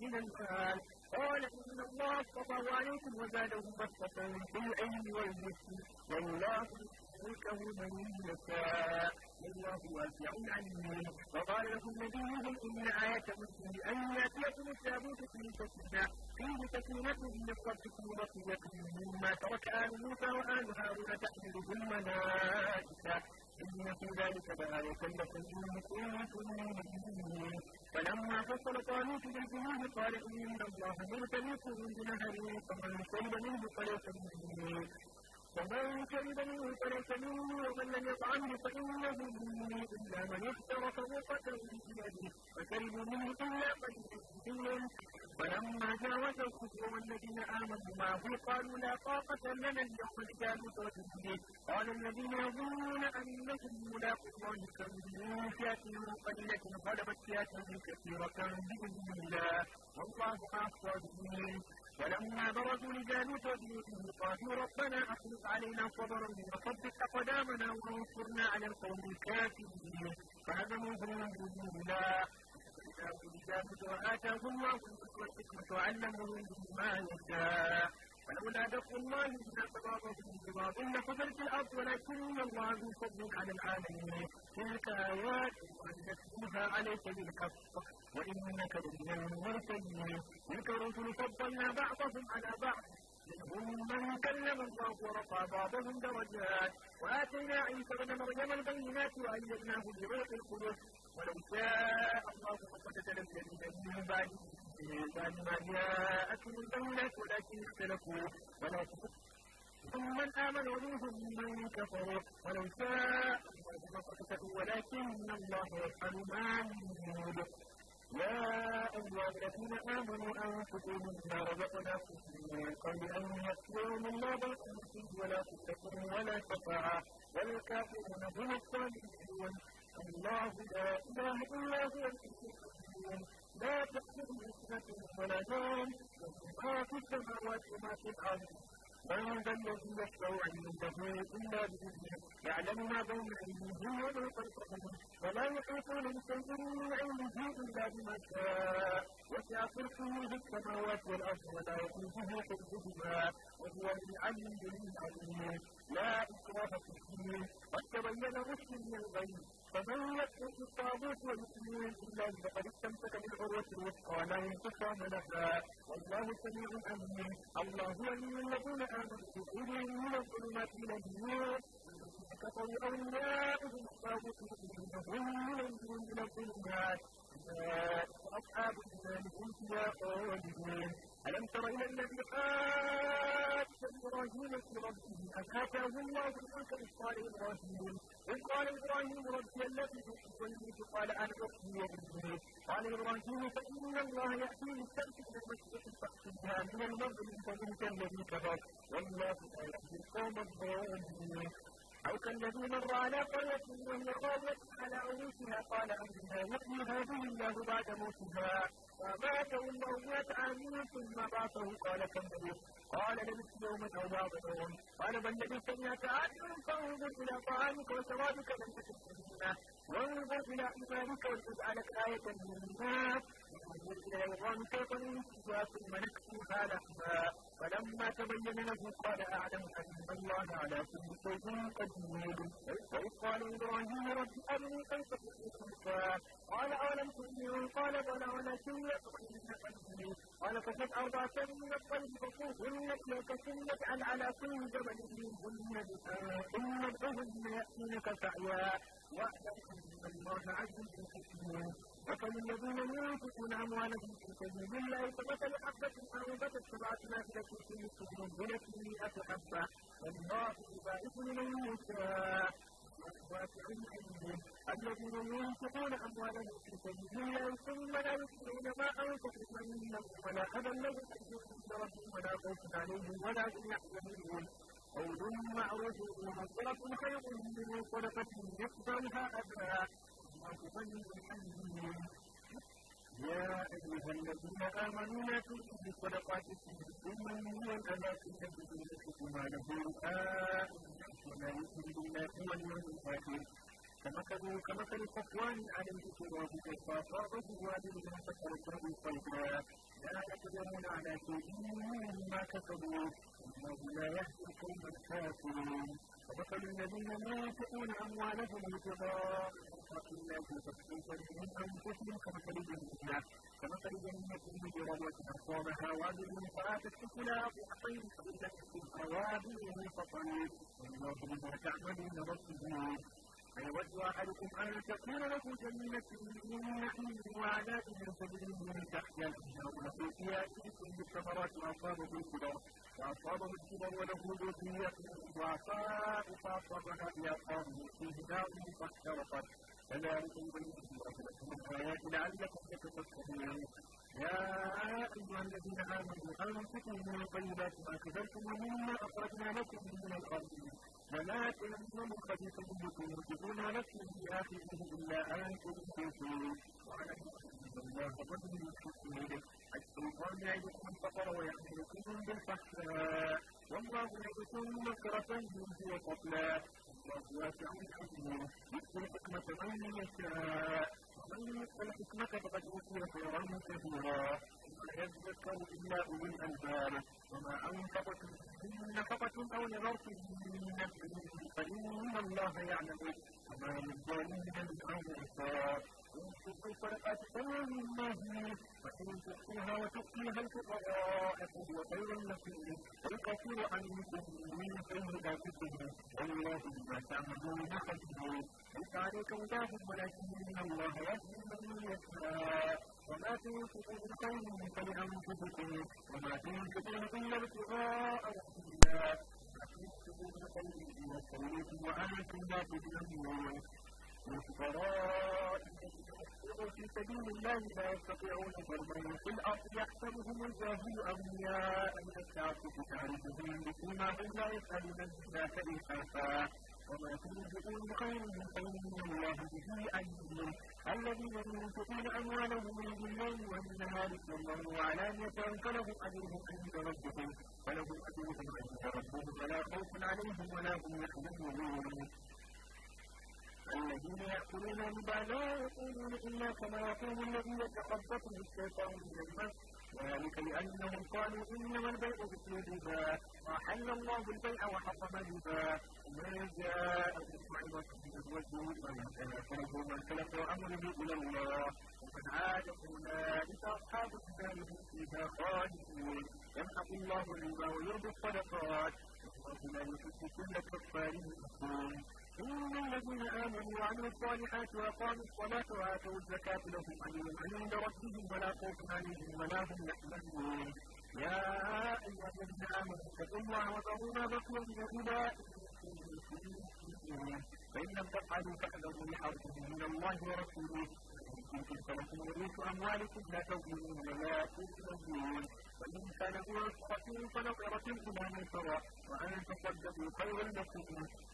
من المال قال إن الله اصطفاه عليكم وزاده بسطة في العلم والجسم والله ملكه من يشاء والله واسع عليم وقال له نبيهم إن آية ملكه أن يأتيكم التابوت في سكينة فيه سكينة من ربكم وبقية مما ترك آل موسى وآل هارون تحمله الملائكة إن في ذلك لآية لكم إن كنتم مؤمنين فلما فصل طالوت بالجنود قال إن الله مبتليكم بنهر فمن شرب منه فليس مؤمنين ومن كذب منه فليس منه ومن لم يطعمه فإنه مني إلا من افترى من بلاده فكذب منه إلا قليلا فلما جاوز الكفر والذين آمنوا معه قالوا لا طاقة لنا اليوم بجالوت وجنوده قال الذين يظنون أنهم ملاقوا الله كم من فئة قليلة غلبت فئة كثيرة بإذن الله والله مع الصادقين ولما برزوا لجالوت وجنوده قالوا ربنا أخلف علينا صبرا وثبت أقدامنا وانصرنا على القوم الكافرين فهزموهم بإذن الله وآتاه الله الحكمة وعلمه ما يشاء ولولا دفع الله الناس بعضهم ببعض لفضلت الارض ولكن الله ذو فضل على العالمين تلك ايات انزلناها عليك بالحق وانك لمن المرسلين تلك الرسل فضلنا بعضهم على بعض منهم من كلم الله ورفع بعضهم درجات واتينا عيسى ابن مريم البينات وايدناه بروح القدس ولو شاء الله فقد تلم الذين من بعده ربهم بعدما جاءتهم البينات ولكن اختلفوا ولا ثم من آمن ومنهم من كفر ولو شاء الله ولكن الله يفعل ما يريد يا أيها الذين آمنوا أنفقوا مما رزقناكم من قبل أن يكفروا من لا بأس فيه ولا فتة ولا شفاعة والكافرون هم الظالمون الله لا إله إلا هو الحكيم لا تأخذه سنة ولا نوم ما في السماوات وما في الأرض من ذا الذي يشفع عنده إلا بإذنه يعلم ما بين أيديهم وما خلفهم ولا يحيطون بشيء من علمه إلا بما شاء وسع كرسيه السماوات والأرض ولا يحيطه حفظهما وهو العلي عليم لا إكراه في الدين قد تبين رشد من الغيب فمن يترك الطاغوت ويؤمن بالله فقد استمسك بالعروة الوثقى لا ينقصها منها والله سميع عليم الله ولي الذين آمنوا بقلوبهم من الظلمات إلى النور كفروا أولياؤهم الطاغوت يؤمنون من الظلمات أولئك أصحاب النار هم فيها خالدون ألم تر إلى الذي حاج إبراهيم في ربه أن آتاه الله الملك إذ قال إبراهيم إذ قال إبراهيم ربي الذي يحب الملك قال أنا أحيي وأميت قال إبراهيم فإن الله يأتي بالشمس من المشرق بها من المغرب فمنك الذي كفر والله لا يهدي القوم الظالمين أو كالذي مر على قرية وهي خاوية على عروشها قال أنها يحيي هذه الله بعد موتها فماته الله مئة عام ثم بعثه قال كم لبثت قال لبثت يوما أو بعض يوم قال بل لبثت مئة عام فانظر إلى طعامك وشرابك لم تكن تجدنا وانظر إلى إيمانك واجعلك آية للناس ويلقي العظام كيف ينسيها ثم نكسوها لحما فلما تبين له قال أعلم أن الله على كل شيء قدير وإذ قال إبراهيم رب أرني كيف تحيي قال أولم تؤمن قال بلى ولكن يطمئن قلبي قال فخذ أربعة من الطيب فصوهن إليك ثم اجعل على كل جبل منهن جزءا ثم ادعهن يأتينك سعيا واعلم أن الله عزيز حكيم مثل الذين ينفقون أموالهم في سبيل الله كمثل حبة أنبتت سبع سنابل في كل سنبلة مئة حبة والله يضاعف لمن يشاء الذين ينفقون أموالهم في سبيل الله ثم لا يتبعون ما أنفقوا منا ولا أذى لهم أجر عند ربهم ولا خوف عليهم ولا هم يحزنون قول معروف ومغفرة خير من صدقة يقبلها أبدا يا أيها الذين آمنوا لا تؤتوا صدقاتكم ثمن والأماكن التي تنفقون له ولا يؤمن بالله اليوم الآخر فمكروا كمثل صفوان عليه تراب فأصابه وادي بن فكرته صيدا لا يقدرون على شيء مما كسبوا إنه لا يهدي القوم الكافرين ومثل الذين لا ينفقون أموالهم ابتغاء مرضات الله وتخفيفا من أنفسهم كمثل جنة كمثل جنة مجرمة أصابها وابل فآتت أكلها ضعفين فإذا أكلها وابل فطيب والله بما تعملون بصير أيود أحدكم أن تكون له جنة من نخيل وعناب تجري من تحتها الأنهار له فيها كل الثمرات وأصابه الكبر وأصابه الكبر وله ذرية وأعطاه فأصابها بأصابه إهداء فاخترقت كذلك يبين الله لكم الآيات لعلكم تتفكرون يا أيها الذين آمنوا أنفقوا من طيبات ما كسبتم ومما أخرجنا لكم من الأرض فلا تلزموا خبيثا يخرجون لكم في آخره إلا أن تنفقوا وعلى الله رب المسلمين الشيطان يعدكم الفقر ويأمركم بالفحشاء والله يعدكم مغفرة منه وفضلا والله واسع حكيم يؤتي الحكمة من يشاء ومن يؤت الحكمة فقد أوتي خيرا كثيرا وما يذكر إلا أولو الألباب وما أنفقتم من نفقة أو نذرتم من نفس فإن الله يعلم وما للظالمين من أنصار وينفق الصدقات خير مما فإن تخفوها وتؤتيها الفقراء فهو خير لكم ويكفر عنكم من سيئاتكم والله بما تعملون خبير ليس عليك هداهم ولكن الله يهدي من يشاء وما تنفقوا من خير وما تنفقون إلا ابتغاء وجه الله وعليكم لا تجنبون والفقراء الذين في سبيل الله لا يستطيعون ضربا في الارض يحسبهم الجاهل اغنياء من التعفف تعرفهم ما لا يسالون الناس الحافا وما تنفقون خير من الله به عليم الذين ينفقون أموالهم من بالليل والنهار سرا وعلانية فلهم أجرهم عند ربهم فلهم أجرهم عند ربهم فلا خوف عليهم ولا هم يحزنون الذين يأكلون الربا لا يقولون إلا كما يقول الذي يتخبطه الشيطان من المس ذلك لأنهم قالوا إنما البيع مثل الربا وأحل الله البيع وحرم الربا ما جاء بالموعظة من الوجود فمن تلفه من تلف أمره إلى الله ومن عاد أولئك أصحاب النار فيها خالدون يمحق الله الربا ويربي الصدقات وهو لا يحب كل كفار مسلم إن الذين آمنوا وعملوا الصالحات وأقاموا الصلاة وآتوا الزكاة لهم أجرهم عند ربهم ولا خوف عليهم ولا هم يحزنون يا أيها الذين آمنوا اتقوا الله وذروا ما بقي من الربا فإن لم تفعلوا فاحذروا بحرب من الله ورسوله إن كنتم فلكم رؤوس أموالكم لا تظلمون ولا تظلمون وإن هو نسخة فنظرة إلى ترى وأن تصدقوا خير لكم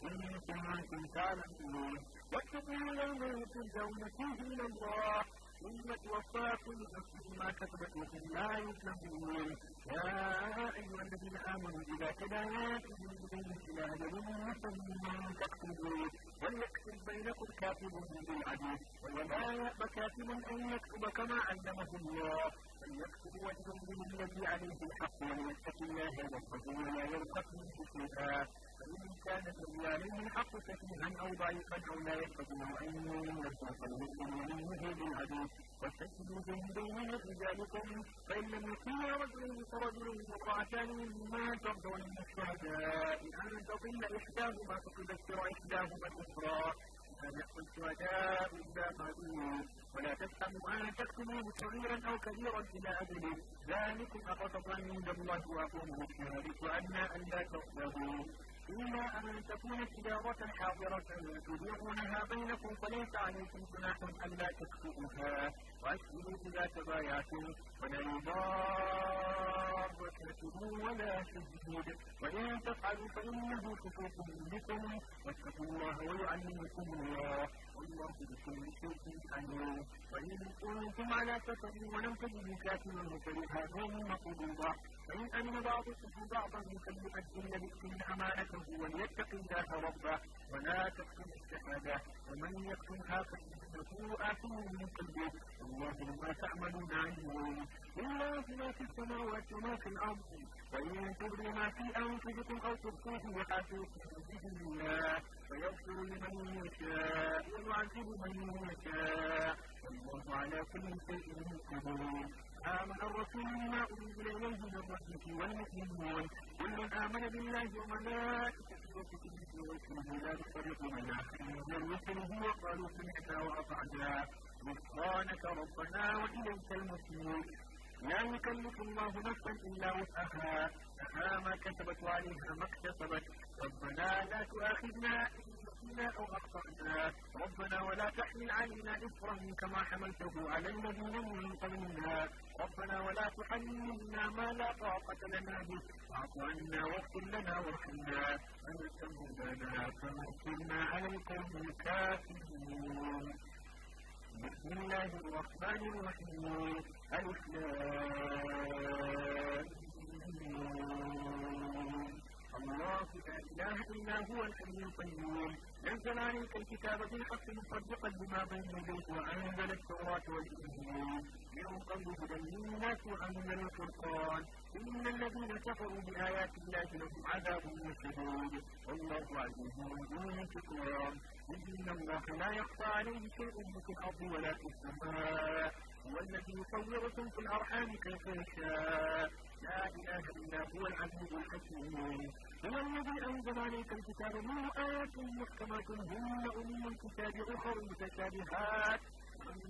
إن كنتم تعلمون واتقوا يوما ترجعون فيه إلى الله ثم توفى كل نفس ما كتبت وهم لا يظلمون يا أيها الذين آمنوا إذا تداياتم بدين إلى أجل مسمى تكتبون وليكتب بينكم كاتب بالعدل ولا يأبى كاتب أن يكتب كما علمه الله فليكتب من الذي عليه الحق وليتق الله ربه ولا يرقى فيه شيئا فإن كان للظالم الحق سفيها أو ضعيفا أو لا يستطيع أن ينفع فليسلم عنه بالعدو واستشهدوا شهيدين من رجالكم فإن لم يكونا رجلين فرجل وامرأتان مما ترضون من الشهداء أن تضل إحداهما فتبشر إحداهما الأخرى فنحو شهداء إلا معدوم ولا تفهموا أن تكتموه صغيرا أو كبيرا إلى أجله ذلكم أقسط عند الله وأقوم بالشهادة وأنا أن لا تغضبوا إما أن تكون تجارة حاضرة تديرونها بينكم فليس عليكم جناح ألا تكتبوها وأسلوا إذا تبايعتم ولا يضار كاتب ولا شهود وإن تفعلوا فإنه فسوق بكم واتقوا الله ويعلمكم الله والله بكل شيء عليم وإن كنتم على سفر ولم تجدوا كاتبا فلهاهم مقبوضا فإن أمن بعضكم بعضا فليؤدي الذي أمانته وليتق الله ربه ولا تكتم الشهادة ومن يكتمها فإنه آثم من قلبه والله بما تعملون عليم لله ما في السماوات وما في الأرض وإن تبدوا ما في أنفسكم أو تخفوه يحاسبكم به الله فيغفر لمن يشاء ويعذب من يشاء والله على كل شيء قدير آمن الرسول بما أنزل إليه من ربه والمؤمنون كل آمن بالله وملائكته وكتبه ورسله لا نفرق بين أحد من رسله وقالوا سمعنا وأطعنا غفرانك ربنا وإليك المصير لا يكلف الله نفسا إلا وسعها لها ما كسبت وعليها ما اكتسبت ربنا لا تؤاخذنا إن إنا أو أخطأنا ربنا ولا تحمل علينا إصرا كما حملته على الذين من قبلنا ربنا ولا تحملنا ما لا طاقة لنا به واعف عنا واغفر لنا وارحمنا أنت مولانا فانصرنا على القوم الكافرين بسم الله الرحمن الرحيم الإسلام الله لا إله إلا هو الحي القيوم أنزل عليك الكتاب بالحق مصدقا لما بين يديك وأنزل التوراة والإنجيل من قبل هدى للناس وأنزل الفرقان إن الذين كفروا بآيات الله لهم عذاب شديد والله عزيز ذو انتقام إن الله لا يخفى عليه شيء في الأرض ولا في السماء هو الذي يصوركم في الأرحام كيف يشاء لا إله إلا هو العزيز الحكيم هو الذي أنزل عليك الكتاب منه آيات محكمات هن أم الكتاب أخر متشابهات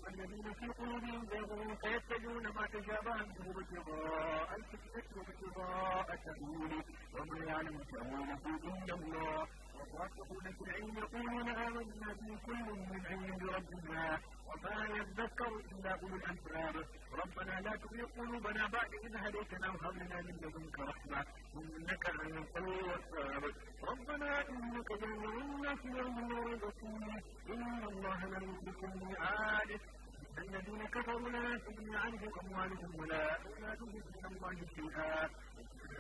الذين في قلوبهم زيغ فيتبعون ما تشابه منه ابتغاء الفتنة وابتغاء تأويله وما يعلم تأويله إلا الله والراسخون في العلم يقولون آمنا به كل من عند ربنا وما يذكر إلا أولو الألباب ربنا لا تزغ قلوبنا بعد إذ هديتنا وهب لنا من لدنك رحمة إنك أنت الوهاب ربنا إنك جميع الناس يوم يوم إن الله لا يخلف الميعاد الذين كفروا لا تغني عنهم أموالهم ولا أولادهم من الله شيئا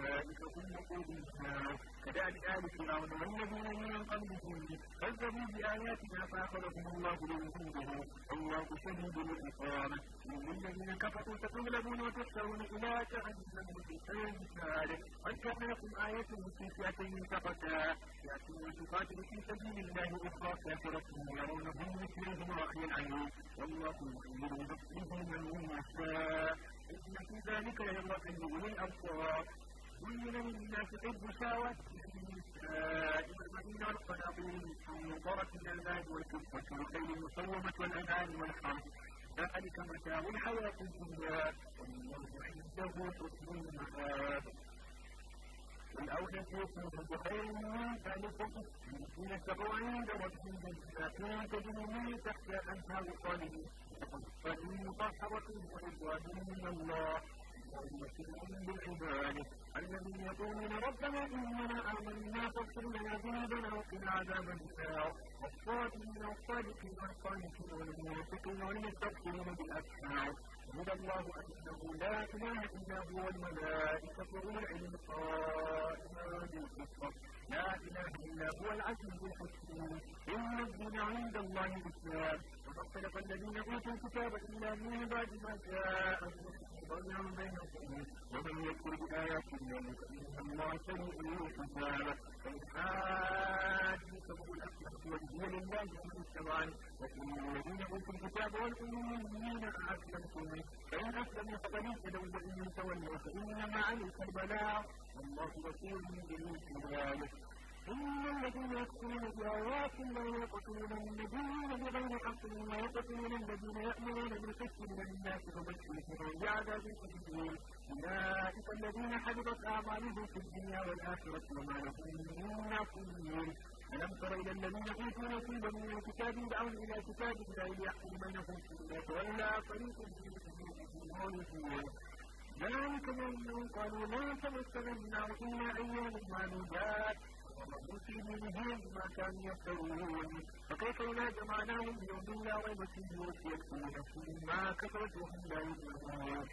ذلك كل قولنا كذلك آل فرعون والذين من قبلهم كذبوا بآياتنا فأخذهم الله بذنوبهم الله شديد العقاب إن الذين كفروا تقلبون وتحشرون إلى جهنم بحساب النار قد كان لكم آية في فئتين التقتا فئة تقاتل في سبيل الله أخرى كافرة يرونهم مثلهم رأي العين والله يؤمن بفضله من يشاء إن في ذلك لعبرة لأولي الأبصار زين للناس حب شهوات النساء والبنين والقناطير المقنطرة من والكفة والخيل المصومة والأنعام والحرث ذلك متاع الحياة الدنيا والله عنده حسن المآب قل أوصيكم بخير من ذلكم إن تقوين ربكم إذا كنتم من تحت أنهار الظالمين فإن طهرة من الله الذين يقولون ربنا إننا آمنا فاغفر لنا ذنوبنا وقنا عذاب النار والصادقين والصادقين والقانتين والمنافقين والمستغفرين بالأسحار هدى الله أنه لا إله إلا هو الملائكة والعلم قائما بالقسط لا إله إلا هو العزيز الحكيم عند الله الإسلام وما اختلف الذين أوتوا الكتاب إلا من بعد ما جاءهم بغيا بينهم ومن يكفر بآيات الله فإن الله سريع الحساب فإن حاجك فقل أسلمت وجه لله في الشرعان لكن الذين أوتوا الكتاب والأمين أسلمتم فإن أسلموا فقد اهتدوا وإن تولوا فإنما عليك البلاغ والله بصير بالمسلمين إن الذين يكفرون بآيات الله ويقتلون النبيين بغير حق ويقتلون الذين يأمرون بالقسط من الناس وبشرهم عذاب أليم أولئك الذين حبطت أعمالهم في الدنيا والآخرة وما لهم من ناصرين ألم تر إلى الذين أوتوا نصيبا من الكتاب يدعون إلى كتاب الله ليحكم بينهم فيما تولى فريق منهم ذلك بأنهم قالوا لا تمسنا النار إلا أيام معدودات ومسلم ما كان يفترون فكيف ينادى معناهم بيوم لا ريب فيه وسيكفون ما كفرت وهم لا يؤمنون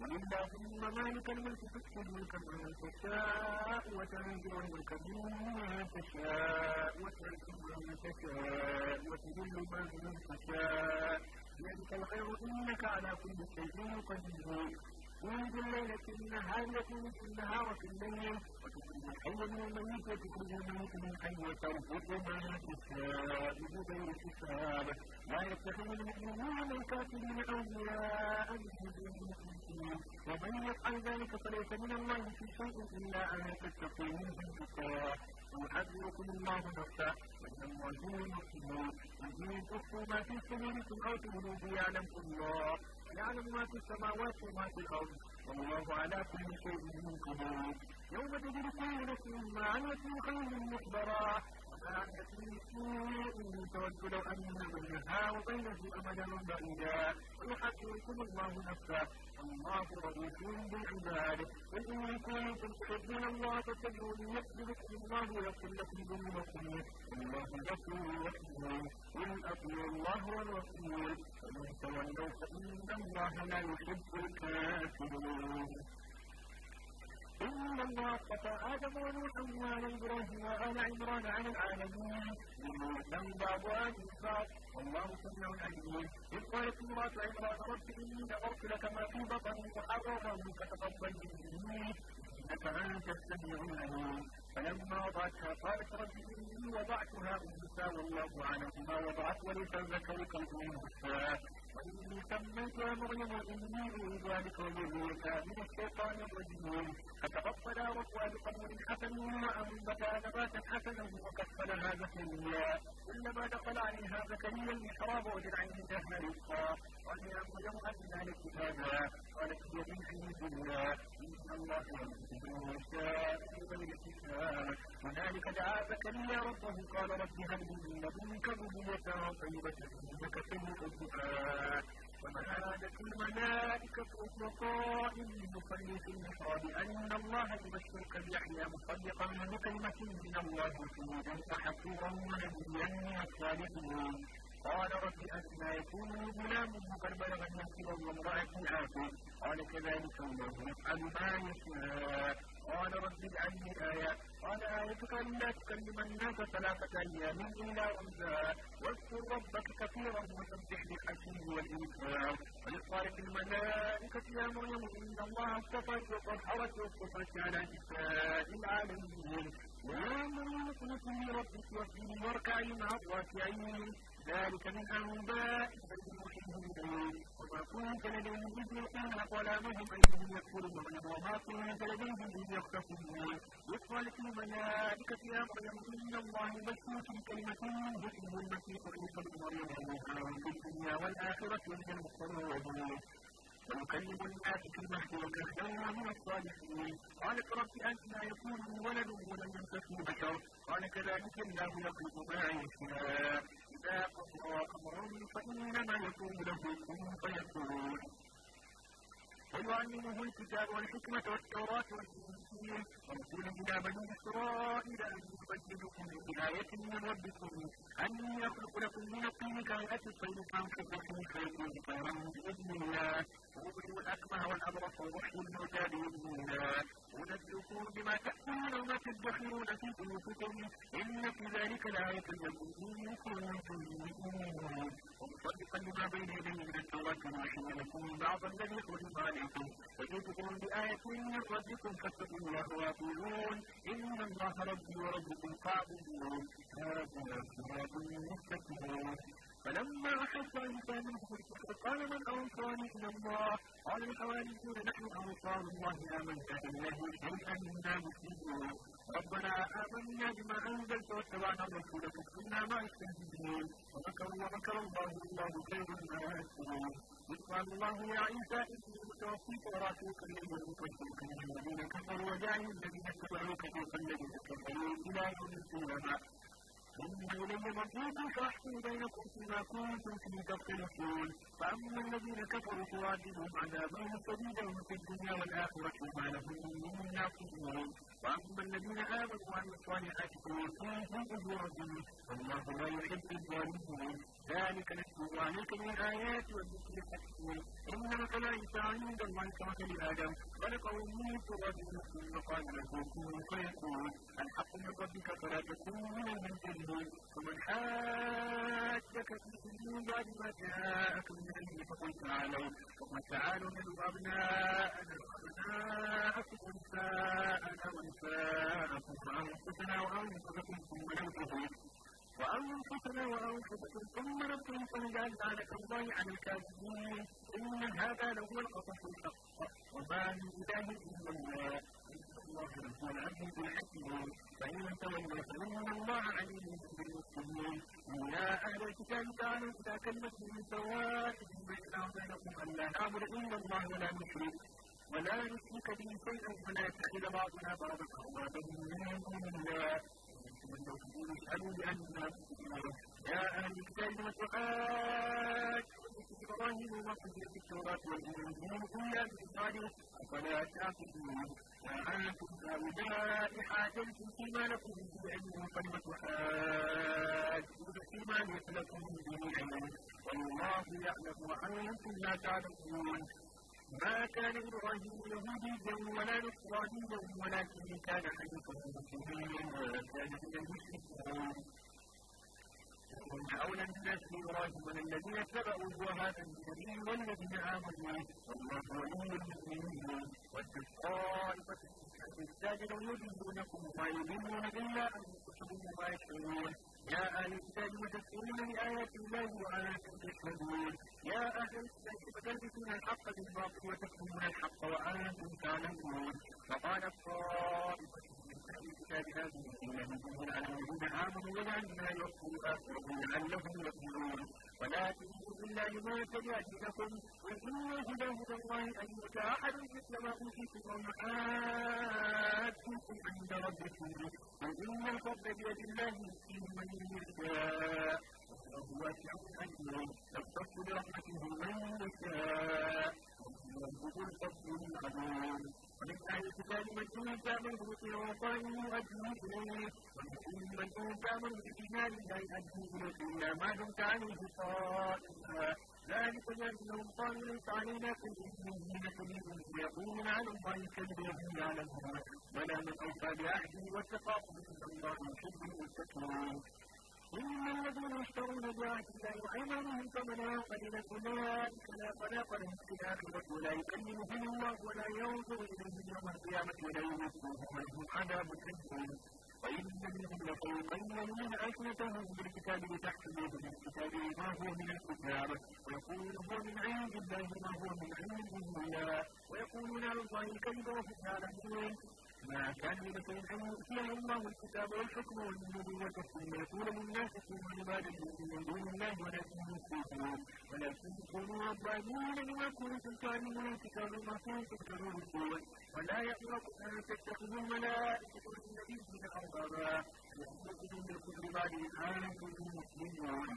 قل اللهم مالك الملك تؤتي الملك من تشاء وتنزع الملك من تشاء وتعز من تشاء وتذل من تشاء بيدك الخير انك على كل شيء قدير يولد الليل في النهار في النهار في الليل وتخرج الحي من الميت وتخرج الميت من الحي وترزق ما تشاء بغير حساب لا يتخذ المؤمنون من الكافرين اولياء من ومن يفعل ذلك فليس من الله في شيء الا ان تتقوا منهم تقاه ويحذركم الله نفسه وان الله هو المسلمون ان تخفوا ما في سبيلكم او تبدوا يعلمكم الله يعلم ما في السماوات وما في الأرض والله على كل شيء قدير يوم تجد كل نفس ما عملت من خير مخبرا ساعة إن تود لو أن بينها وبينه أمدا بعيدا ويحكمكم الله نفسه الله رؤوف بالعباد قل إن كنتم تحبون الله فاتبعوني يحببكم الله ويغفر لكم ذنوبكم الله غفور رحيم قل أطيعوا الله والرسول فإن تولوا فإن الله لا يحب الكافرين إن الله اصطفى آدم ونوحا وآل إبراهيم وآل عمران على العالمين إنه لهم بعض آل إسحاق والله سميع عليم إذ قالت امرأة عمران رب إني نظرت لك ما في بطني منك فتقبل مني إنك أنت السميع العليم فلما وضعتها قالت رب إني وضعتها أنثى والله أعلم بما وضعت وليس الذكر كالأنثى وإني سميتها مريم وإني ذلك وذريتها من الشيطان الرجيم فتبطل ربوان قوم حسن وأنبتا نباتا حسنا وكفلها زكريا كلما دخل عليها زكريا المحراب وجد جهل رزقا قال يا مريم أن لك هذا قالت هي من الدنيا الله إن الله يرزق من يشاء بغير حساب هنالك دعا زكريا ربه قال رب هب لي من لدنك ذرية طيبة إنك سميع الذكاء ومعادة الملائكة أطلقاء المصلي في المحراب أن الله يبشرك بيحيى مصدقا بكلمة من الله سيدا وحفورا ونبيا من الصالحين قال رب أنا يكون لي غلام وقد بلغ النصر وامرأتي آخر قال كذلك الله يفعل ما يشاء قال رب اجعلني آية قال آيتك ألا تكلم الناس ثلاثة أيام إلا أنثى واذكر ربك كثيرا وسبح بالعشي والإنسان وإذ قالت الملائكة يا مريم إن الله اصطفاك وطهرك واصطفاك على نساء العالمين يا مريم اقنتي لربك واسجدي واركعي مع الراكعين ذلك من أنباء وما كنت لديهم إذ يلقون أقلامهم أيهم يكفرون وما كنت لديهم إذ يختصمون إذ قالت الملائكة يا مريم إن الله يبشرك بكلمة منه اسمه المسيح عيسى بن مريم في الدنيا والآخرة من المقربين ويكلم الناس في المهد وكهلا من الصالحين قالت رب ما يكون ولد ولم يمسكه بشر قال كذلك الله يخلق ما يشاء إذا قضى أمرا فإنما يكون له كن فيكون ويعلمه الكتاب والحكمة والتوراة والإنجيل ورسولا إلى بني إسرائيل أن يبدلكم بآية من ربكم أن يخلق لكم من الطين كهيئة الطير فانفخ فيكون طيرا بإذن الله ومن الأكمه والأبرص ووحي المعتاد والمهلال ونبئكم بما تأكلون وما تدخرون في بيوتكم إن في ذلك لآية لكم إن كنتم مؤمنون ومصدقا لما بين يديه من التوراة ويحل لكم بعض الذي حرم عليكم وجئتكم بآية من ربكم فاتقوا الله وأطيعون إن الله ربي وربكم فاعبدون هذا صراط مستقيم فلما أحس الإنسان منهم قال من أنصاري إلى الله؟ قال الحواريون نحن أنصار الله آمنا بالله شيئا منا مسلمون ربنا آمنا بما أنزلت واتبعنا الرسول فكنا مع الشاهدين ومكروا ومكر الله والله خير ما يكفرون إذ قال الله يا عيسى إني متوفيك ورافيك إلي ومكفرك من الذين كفروا وجعل الذين اتبعوك فوق الذين كفروا إلى يوم القيامة إنه لن يمرضيكم فأحكم بينكم فيما كنتم فيه تختلفون فأما الذين كفروا فيعذبهم عذابا شديدا في الدنيا والآخرة وما لهم من ناصرين وأما الذين وعملوا الصالحات ويؤتيهم أجورهم والله لا يحب الظالمين ذلك نتلو عليك من آيات والذكر الحكيم إن مثل عيسى عند الله كمثل آدم خلقه من تراب ثم قال له كن فيكون الحق من ربك فلا تكن من المنزلين ومن حاجك فيه من بعد ما جاءك من العلم فقل تعالوا فقل تعالوا من أبناءنا وأبناءكم ونساءنا ونساءكم وعن أنفسنا وأنفسكم ثم لم وأنفسنا وأنفسكم ثم نبتلكم لأجعلك الله على الكاذبين إن هذا لهو القصص الحق وما من إله إلا الله الله هو فإن تولوا فإن الله عليم بالمسلمين يا أهل الكتاب تعالوا إلى كلمة سواء بين أن لا نعبد إلا الله ولا نشرك ولا يشرك به شيئا فلا يتخذ بعضنا بعضا اربابا من دون الله والموجودين أنا لاننا يا اهل الكتاب لم تحاجون ابراهيم وما في التوراه والانجيل الا باسرائيل افلا تعقلون فانتم هؤلاء حاجلتم فيما لكم به علم علم والله يعلم وانتم لا تعلمون ما كان إبراهيم يهوديا ولا نصرانيا ولكن كان حنيفا مسلمين وكان من المشركون ومن أولى الناس بإبراهيم من الذين اتبعوه وهذا النبي والذين آمنوا والله ولي المؤمنين وتلك طائفة الساجد يضلونكم وما يضلون إلا أنفسهم وما يشعرون يا أهل الكتاب لتكفرون بآيات الله وأنتم تشهدون يا أهل الكتاب تلبسون الحق بالباطل وتكتمون الحق وأنتم تعلمون فقالت طائفة من أهل الكتاب هذه الذين هم على الذين آمنوا وجعلنا يصلوا آخرهم لعلهم يؤمنون ولا تؤمنوا إلا لما تبع دينكم قل إن الهدى هدى الله أن يؤتى أحد مثل ما أوتيتم أو يحاجوكم عند ربكم قل إن الفضل بيد الله يؤتيه من يشاء وهو شرعا يختص برحمته من يشاء ويرزق الفضل العظيم ومن أهل الكتاب من أوتى من بطيع وطائم أجمع إليه ومن من ما دمت عليه قائما ذلك بأنهم قالوا علينا في الأميين سبيل يقولون نعم عن الله كذب يهود يعلمون ولا من أوفى من الله يحب المتقين إن الذين يشترون بآيات الله وأيمانهم ثمنا قليلا أولئك لا خلاق لهم في الآخرة ولا يكلمهم الله ولا ينظر إليهم يوم القيامة ولا يمسهم ولهم عذاب أليم وإن منهم لفيقين ألسنتهم بالكتاب لتحسبوه من الكتاب ما هو من الكتاب ويقول هو من عند الله ما هو من عند الله ويقولون على الله الكذب وهم يعلمون ما كان من أن يؤتيه الله الكتاب والحكم والنبوة ثم يقول للناس كونوا عبادا من دون الله ولكن يخرجون ولكن كونوا ربانيين بما كنتم تعلمون الكتاب وما كنتم تدرسون ولا يأمركم أن تتخذوا الملائكة والنبيين أربابا يخرجون بالكفر بعد إن أنتم مسلمون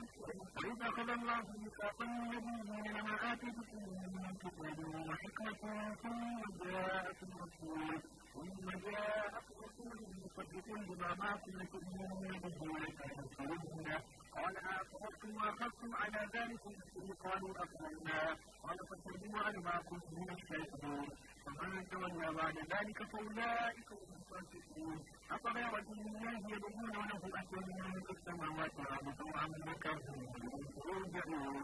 وإذا أخذ الله ميثاق النبيين لما آتيتكم من كتاب وحكمة ثم جاءكم رسول ومن جاءت رسول مصدقون بما معكم لتؤمنون به ولتنصرن قال أقررتم وأخذتم على ذلك الذكر قالوا أقررنا قال فاخرجوا على ما كنتم من الشاهدون فمن تولى بعد ذلك فأولئك هم الفاسقون أفغير دين الله يبغون له أكل من في السماوات والأرض طوعا وكرها يرجعون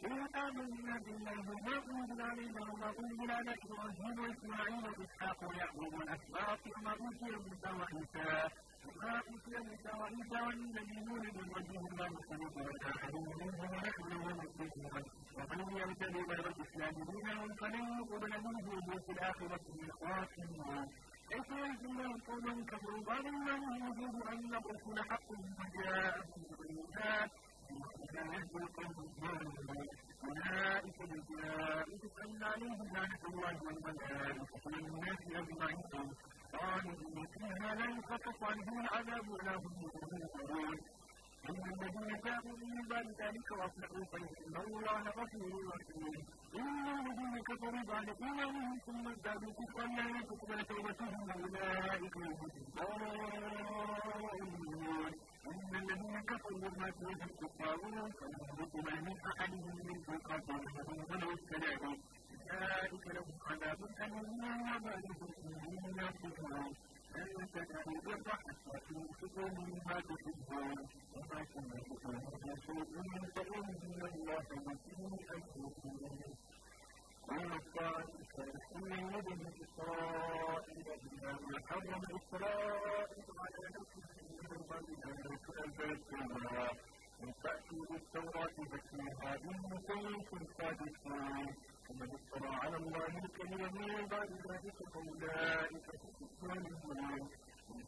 قل آمنا بالله ما أنزل علينا وما أنزل على إبراهيم وإسماعيل وإسحاق ويعقوب والأسباط وما أوتي موسى وعيسى وما أوتي موسى وعيسى والنبيون من وجههم لا يختلف والآخرون منهم ونحن ومسلمون ومن يرتد غير الإسلام دينا فلن يقبل منه في الآخرة من خاسرين أفرأيتم قوما كفروا ظالما يريد أن الرسل حق وجاءهم بالبينات أولئك الظالمون أولئك الجائزة أن عليهم لعنة الله والملائكة والناس أجمعين خالدين فيها لا يخفف عنهم العذاب ولا هم يظلمون أما الذين تابوا من بعد ذلك وأصلحوا فإن الله غفور رحيم إن الذين كفروا بعد إيمانهم ثم ازدادوا كفرا لا تقبل توبتهم أولئك هم الضالون ومن الذين كفروا ما توهم الطاغوت فيهلك ما من احدهم من فوق قبرهم ولو السلام ذلك لهم عذاب اليم وما لهم من يصفون أن تدعوا بالرحمة وتنفقوا مما تحبون وما تنفقون من شيء فإن الله أن أنفسهم ومن الطائفة فإن يدن إسرائيل بما حرم إسرائيل على نفسه البيتنا وتأتي بالتوراة باسمها إنكم كنتم صادقين ومن افترى على الله الكريم من بعد ذلك فأولئك من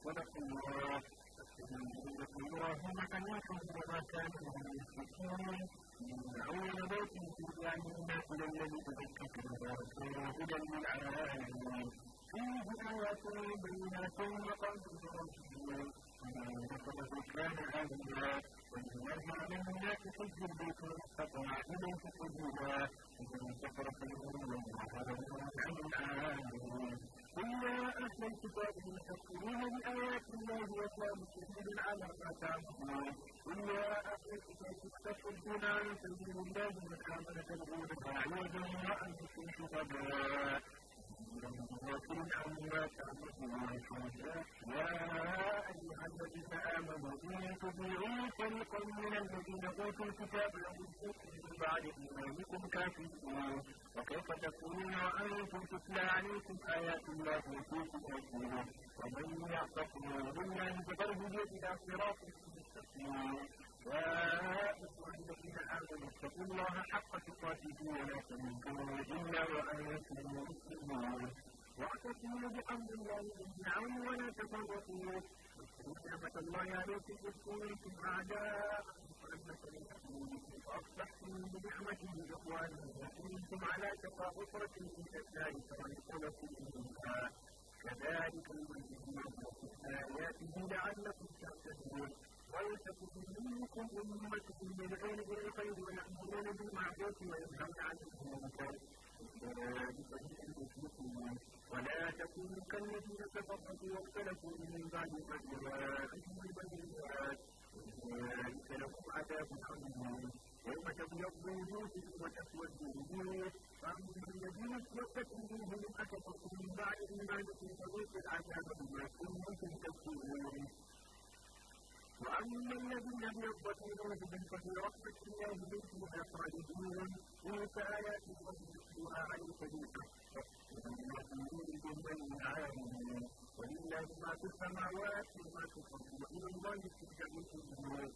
صدق الله فاستجيبوا ملة إبراهيم حنيفا وما كان من المشركين إن أول بيت وضع للناس للذي وهدى للعالمين فيه آيات بينات وقلب رجل فقد كان آمنا ونزلنا من الناس حج البيت فاستطاع إليه سبيلا ومن كفر فإن الله غني عن العالمين قل يا أهل الكتاب من تكفرون بآيات الله وكانوا سبيل على ما تعبدون قل يا أهل الكتاب تستخدمون عن سبيل الله من آمن تبغونها عوجا وأنتم شهداء وكن أمواتكم والحمدات يا أيها الذين آمنوا إن تطيعوا فريقا من الذين أوتوا الكتاب يردوكم من بعد إيمانكم كافرون وكيف تكونون وأنتم تتلى عليكم آيات الله وفيكم رسوله ومن يعتصم بالله فقد هدي إلى صراط مستقيم يا أيها الذين آمنوا اتقوا الله حق تقاته ولا تموتن إلا وأنتم مسلمون واعتصموا بحمد الله جميعا ولا تفرقوا واذكروا نعمة الله عليكم إذ كنتم أعداء فأصبحتم بنعمته إخوانا وكنتم على شفا حفرة من النار فانقذكم منها كذلك يبين الله آياته لعلكم تهتدون ولتكن منكم أمة يدعون إلى الخير ويأمرون بالمعروف وينهون عن المنكر أولئك هم المفلحون ولا تكونوا كالذين تفرقوا واختلفوا من بعد ما جاءتهم البينات أولئك لهم عذاب عظيم يوم تبيض وجوه وتسود وجوه فأما الذين اسودت وجوههم أكفرتم من بعد إيمانكم فذوقوا العذاب بما كنتم تكفرون وأما الذين يقتلون فبرحمة الله منهم خالدون تلك آيات الله نتلوها عليك بالحق إنا نريد من العالمين ولله ما في السماوات وما في الأرض وإلى الله ترجع الأمور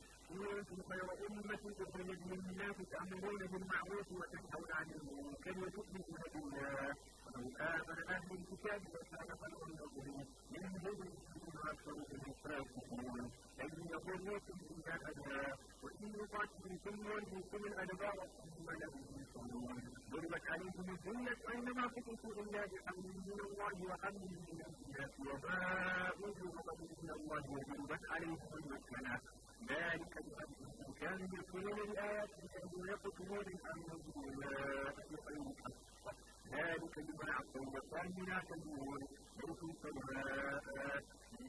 كنتم خير أمة أخرجت للناس تأمرون بالمعروف وتنهون عن المنكر وتؤمنون بالله ومن آمن أهل الكتاب وكان خيرا لهم منهم أكثر من الفاسقين لن يضروكم إلا أذى وإن يقاتلوكم يولوكم الأدبار ثم لا ينصرون ضربت عليهم الذلة أينما قتلتم إلا بحمد من الله وحمد من الناس وباءوا بغضب من الله وضربت عليهم المسكنة ذلك بأنهم كانوا يدخلون الآيات بأنهم يقتلون الأنبياء بغير حق ذلك بما عصوا وكانوا لا تدعون بل سواء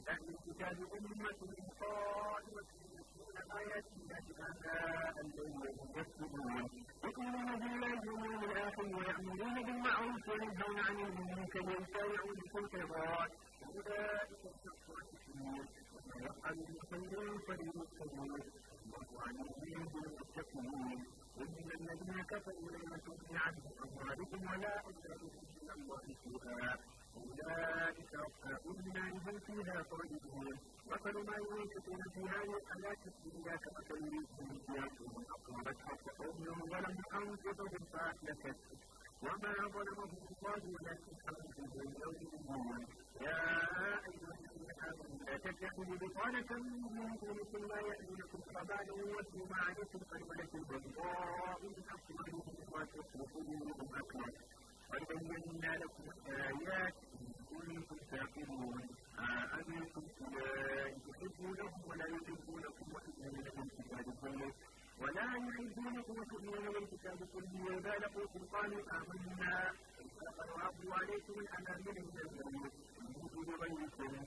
أهل الكتاب أمة قائمة يتلون آيات الله آناء الليل وهم يسجدون يؤمنون بالله واليوم الآخر ويأمرون بالمعروف وينهون عن المنكر ويسارعون في الخيرات أولئك الشخص الحسنون ومن يفعل من خير فليمسكون الله عليم بالمتقين إن الذين كفروا لم تغني عنهم أموالكم ولا أولادكم من الله شيئا أولئك أصحاب النار هم فيها خالدون مثل ما ينفقون في هذه الحياة الدنيا كمثل ريح فيها أصابت حتى قومهم ولم أنفسهم فأهلكت وما ظلمهم الله ولكن أنفسهم يظلمون يا أيها الذين آمنوا لا تتخذوا بطانة من دونكم لا يأمنكم خبالا واتوا ما عليكم قد ملكوا بيضاء من أصواتهم وتصرفوا منهم أكبر وبينا لكم الآيات إن كنتم تعقلون أأمنتم آه، أولئك يحبونكم ولا يحبونكم وتؤمنون بالكتاب كله ولا يحبونكم وتؤمنون بالكتاب كله وإذا لقوكم قالوا آمنا فقد عضوا عليكم الأنامل من الجنة من غيركم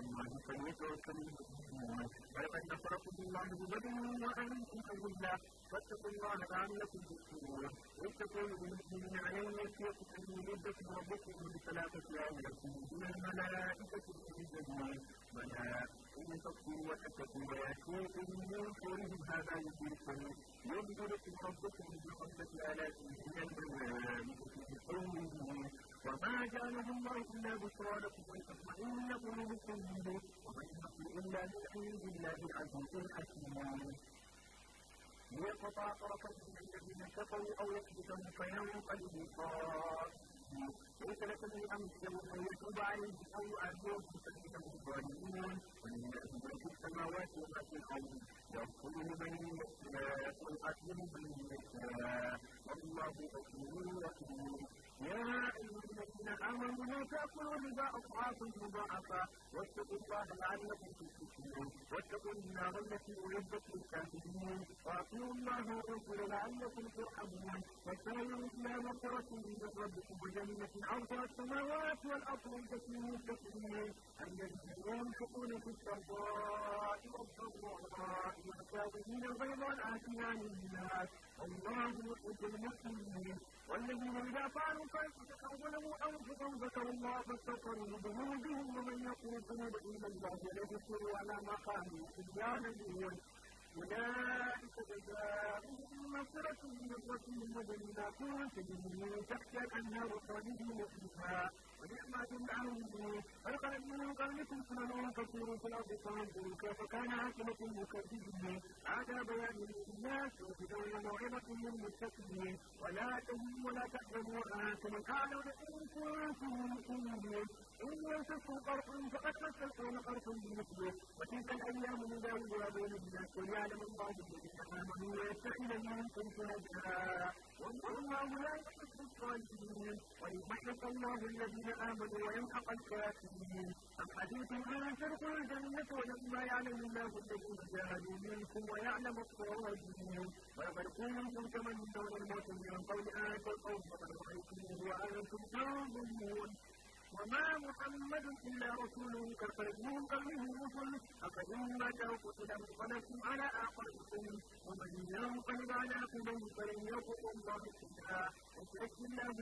الله فليتوكل المؤمنون ولقد نصركم الله ببدر وانتم اذله فاتقوا الله لعلكم تسلمون اذ تقول للمؤمنين علن يكفيكم ان يمدكم ربكم بثلاثه ايام من الملائكه يجزون بلى ان تكفروا وتتقوا ويكفيكم من فورهم هذا يكفيكم يمدكم ربكم بخمسه الاف من الملائكه بقوله وما جعله الله إلا بشرى لكم ولتطمئن قلوبكم به وما الحق إلا من عند الله العزيز الحكيم ليقطع طرفا من الذين كفروا أو يكبتهم فينقلبوا خاسرين ليس لك من أمر يوم يتوب عليهم أو يعذبهم فإنهم ظالمون ولله ما في السماوات وما في الأرض يغفره من يشاء ويعذبه من يشاء والله غفور رحيم يا أيها الذين آمنوا لا تأكلوا ربا أضعافا مضاعفا واتقوا الله لعلكم تفلحون واتقوا النار التي أعدت للكافرين وأطيعوا الله والرسول لعلكم ترحمون وسعيوا إلى مغفرة من ربكم وجنة عرضها السماوات والأرض أعدت للمتقين الذين ينفقون في السراء والضراء والكاظمين الغيظ والعافين للناس الله يحب المسلمين والذين إذا فعلوا فاسقا ظلموا أنفسهم ذكروا الله فاستغفروا لذنوبهم ومن يقول ذنوب إلا الله لبثوا على مقامه تبيانا لهم أولئك جزاؤهم مغفرة من ربهم وجنات تجري من تحتها الأنهار خالدين فيها ونعم جمعهم ولقد من قبلكم سنن فسيروا في الارض فانظروا كيف كان عاقبه المكذبين عاد بيان للناس وهدى وموعظه للمتقين ولا تهنوا ولا تحزنوا وانتم الاعلى ان كنتم مؤمنين ان يمسكم قرح فقد مس القوم قرح بمثله وتلك الايام نداولها بين الناس وليعلم الله الذين امنوا ويتخذ منكم شهداء والله لا يحب الظالمين ويضحك الله الذين امنوا ويمحق الكافرين ام حديثهم ان تدخلوا الجنه ولما يعلم الله الذين جاهدوا منكم ويعلم الصادقين ولقد كنتم تمنون الموت من قول ان تلقوه فقد رايتموه وانتم تنظرون وما محمد إلا رسول قد خلت من قبله الرسل أفإن ماتوا قتل انقلبتم على أعقابكم ومن ينقلب على قلوب فلن يضر الله شيئا وسيجزي الله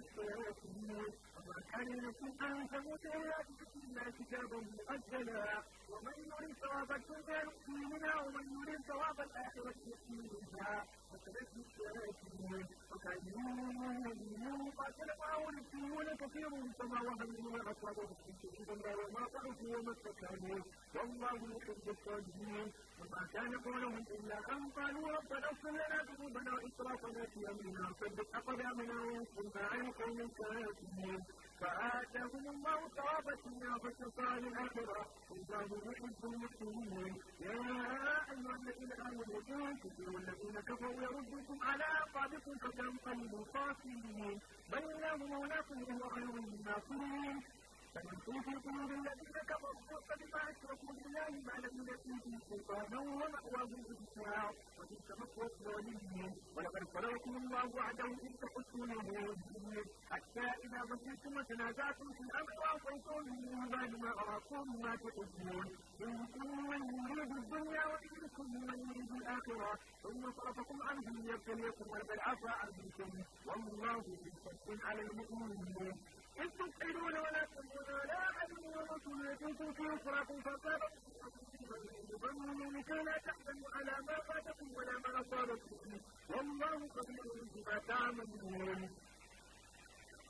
الصالحين وما كان لكم أن تموتوا إلا بإذن الله كتابا مؤجلا ومن يريد ثواب الدنيا يؤتي منها ومن يريد ثواب الآخرة نؤتيه منها وسنجزي الشاكرين وكأنهم قاتل معه نسيون كثير فما من وأصابهم في شديد وما ضعفوا وما استكانوا والله يحب الصادقين وما كان قولهم إلا أن قالوا ربنا اغفر لنا ذنوبنا وإسرافنا في أمرنا وثبت أقدامنا وانصرنا عن قوم الكافرين فآتاهم الله ثوابت النافة قال الآخرة والله يحب المحسنين يا أيها الذين آمنوا إن الذين كفروا يردكم على أعقابكم فتنقلبوا خاسرين بل الله مولاكم وهو خير الناصرين فمن توفي قلوب الذين كفروا فبما اشركوا بالله ما لم يكن به سلطانا ومأواه الانتحار وتلك مصر الظالمين ولقد صلوكم الله وعده اذ تحسونه ويهديه حتى اذا مشيتم وتنازعتم في الامر واعطيتم من بعد ما اراكم ما تحبون منكم من يريد الدنيا ومنكم من يريد الاخره ثم صرفكم عنهم ليبتليكم ولقد عفا عنكم والله ذو فضل على المؤمنين إذ تبطلون ولا تبطلون على أحد ورسول يجوكم في أخراكم فقال من كان تحزن على ما فاتكم ولا ما أصابكم والله خبير بما تعملون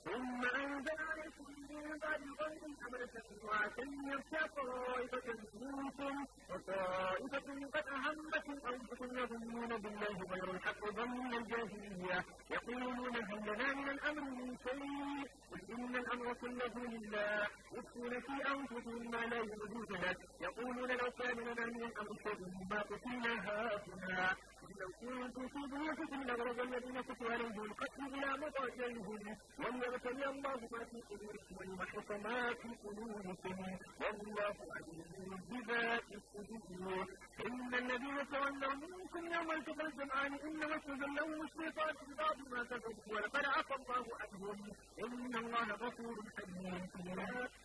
ثم أنزل عليكم من بعد غير حملة وعسى يغشى طائفة منكم وطائفة قد أهمتهم أنفسكم يظنون بالله غير الحق ظن الجاهلية يقولون هل لنا من الأمر من شيء وكل من الأمر كله لله يبقون في أنفسهم ما لا يبدون لك يقولون لو كان لنا من الأمر شيء ما قتلنا هاكنا لو كنتم في بيوتكم لبرز الذين كتب عليهم القتل إلى مضاجعهم وليبتلي الله ما في قلوبكم ويمحص ما في قلوبكم والله عليم بذات الصدور إن الذين تولوا منكم يوم التقى الجمعان إنما استزلهم الشيطان في بعض ما كسبوا ولقد عفى الله عنهم إن الله غفور حليم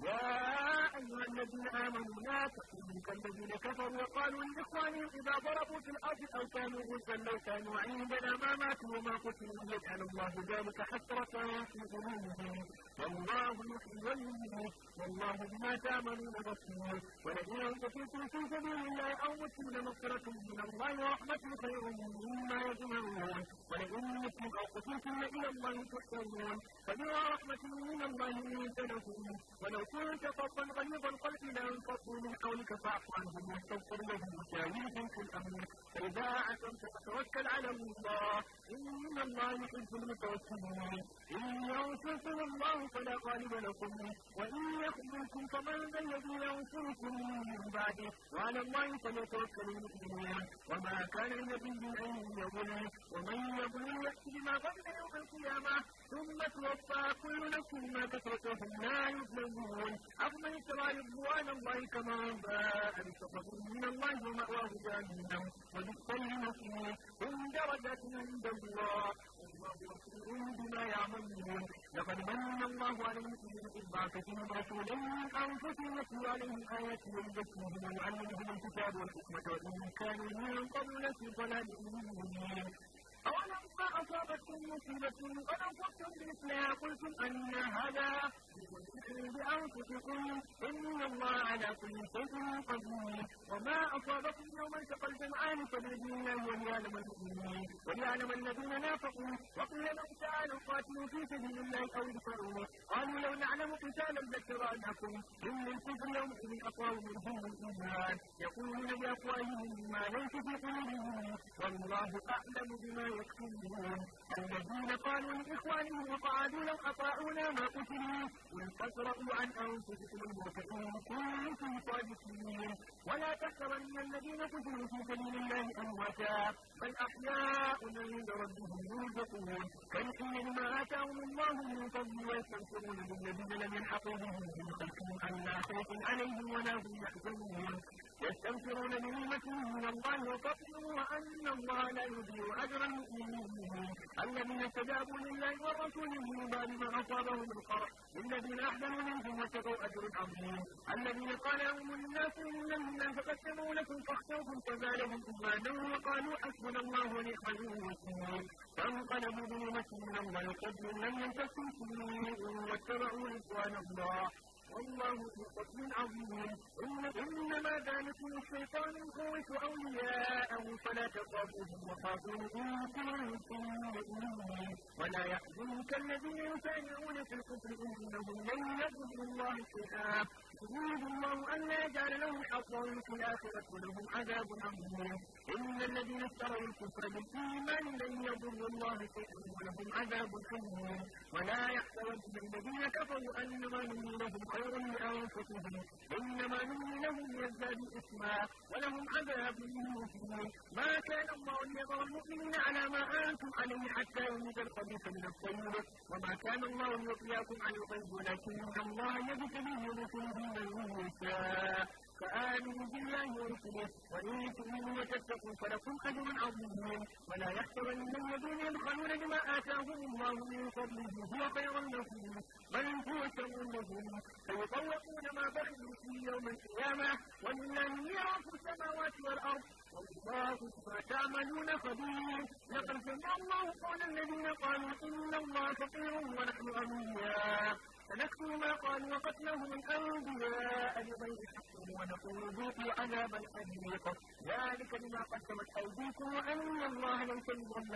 يا أيها الذين آمنوا لا تقولوا كالذين كفروا وقالوا لإخوانهم إذا ضربوا في الأرض أو كانوا تولوا كانوا عندنا ما ماتوا وما قتلوا يجعل الله ذلك حسرة في قلوبهم والله يحيي والله بما تعملون بصير ولئن انفقتم في سبيل الله او متم لمغفرة من الله ورحمة خير مما يجمعون ولئن متم او قتلتم الى الله تحشرون فبما رحمة من الله لنت لهم ولو كنت فظا غليظ القلب لانفضوا من حولك فاعف عنهم واستغفر لهم وشاورهم في الامر فاذا عزمت فتوكل على الله ان الله يحب المتوكلين ان ينصركم الله فلا غالب لكم وإن يخذلكم فمن ذا الذي ينصركم من بعده وعلى الله فليتوكل المؤمنون وما كان النبي أن يغل ومن يغل يأتي بما غل يوم القيامة ثم توفى كل نفس ما تتركه لا يظلمون أفمن ترى رضوان الله كما باء بسخط من الله ومأواه جهنم وبئس المصير هم درجات عند الله الله بما يعملون لقد من الله على إذ بعث رسولا من أنفسهم يتلو عليهم آياته ويزكيهم ويعلمهم الكتاب والحكمة وإن كانوا من قبل لفي ضلال مبين أولما أصابتكم مصيبة قد أصبتم بمثلها قلتم أن هذا بأنفسكم إن الله على كل شيء قدير وما أصابكم يوم التقى الجمعان فبإذن الله وليعلم المؤمنين وليعلم الذين نافقوا وقيل لهم تعالوا قاتلوا في سبيل الله أو ادفعوا قالوا لو نعلم قتالا لاتبعناكم إن الكفر يومئذ أقوى منهم الإيمان يقولون بأفواههم ما ليس في قلوبهم والله أعلم بما يكتمون الذين قالوا لإخوانهم وقعدوا لو أطاعونا ما قتلوا واسرقوا عن انفسكم الموت كنتم صادقين ولا تحسبن الذين كفروا في سبيل الله امواتا بل احياء عند ربهم يرزقون كالحين ما اتاهم الله من فضل ويستغفرون للذين لم يلحقوا بهم من خلقهم الا خوف عليهم ولا هم يحزنون يستغفرون بنعمة من الله وفضل وأن الله لا يضيع أجر المؤمنين الذين استجابوا لله والرسول من بعد ما أصابهم القرح للذين أحسنوا منهم واتقوا أجر عظيم الذين قال لهم الناس إن الناس قد سموا لكم فاخشوهم فزادهم إيمانا وقالوا حسبنا الله ونعم الوكيل فانقلبوا بنعمة من الله وفضل لم يمسكوا سوء واتبعوا رضوان الله والله ذو فضل عظيم إن إنما ذلكم الشيطان يخوف أولياءه فلا تخافوهم وخافوه إن كنتم مؤمنين ولا يحزنك الذين يسارعون في الكفر إنهم لن يضروا الله شيئا يريد الله ألا يجعل لهم حظا في الآخرة ولهم عذاب عظيم إن الذين اشتروا الكفر بالإيمان لن يضروا الله شيئا ولهم عذاب عظيم ولا يحسبن الذين كفروا أنما نملي لهم خير لأنفسهم إنما نملي لهم يزداد إثما ولهم عذاب مهين ما كان الله ليضر المؤمنين على ما أنتم عليه حتى يميت الخبيث من الطيب وما كان الله ليطلعكم على الغيب ولكن الله يجتبيه رسله من فآمنوا بالله ورسله وإن تؤمنوا وتتقوا فلكم أجر عظيم ولا يحسبن الذين يبخلون بما آتاهم الله من فضله هو خير لهم بل هو شر لهم فيطوقون ما بخلوا في يوم القيامة ولله ميراث السماوات والأرض والله ما تعملون خبير لقد سمع الله قول الذين قالوا إن الله فقير ونحن أغنياء فنكتب ما قالوا وقتلهم الأنبياء بغير حق ونقول ذوقوا عذاب الحريق ذلك بما قدمت أيديكم وأن الله ليس من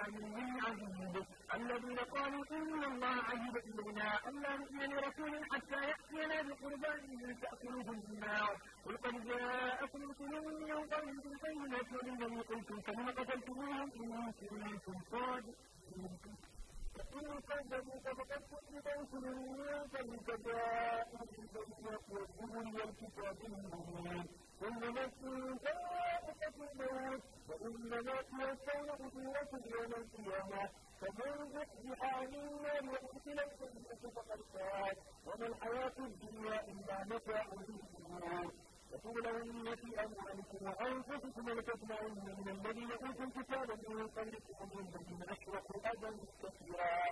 عزيز الذين قالوا إن الله عهد إلينا ألا نؤمن لرسول حتى يأتينا بقربان تأكله النار قل قد جاءكم رسل من قبل بالبينات ومن قلتم فلم قتلتموهم إن كنتم صادقين فإن كذبوك فقد كذبت من قبل فجاءت البينة وجولي الكتاب المبين ثم نفس جاءت في الموت وإنما توفون أجوركم يوم القيامة فمن زحزح عن النار فقد فات وما الحياة الدنيا إلا متاع الغرور وقول إن في أموالكم وأنفسكم لتسمعن من الذين أوتوا الكتاب من قبلكم والذين أشركوا أذى كثيرا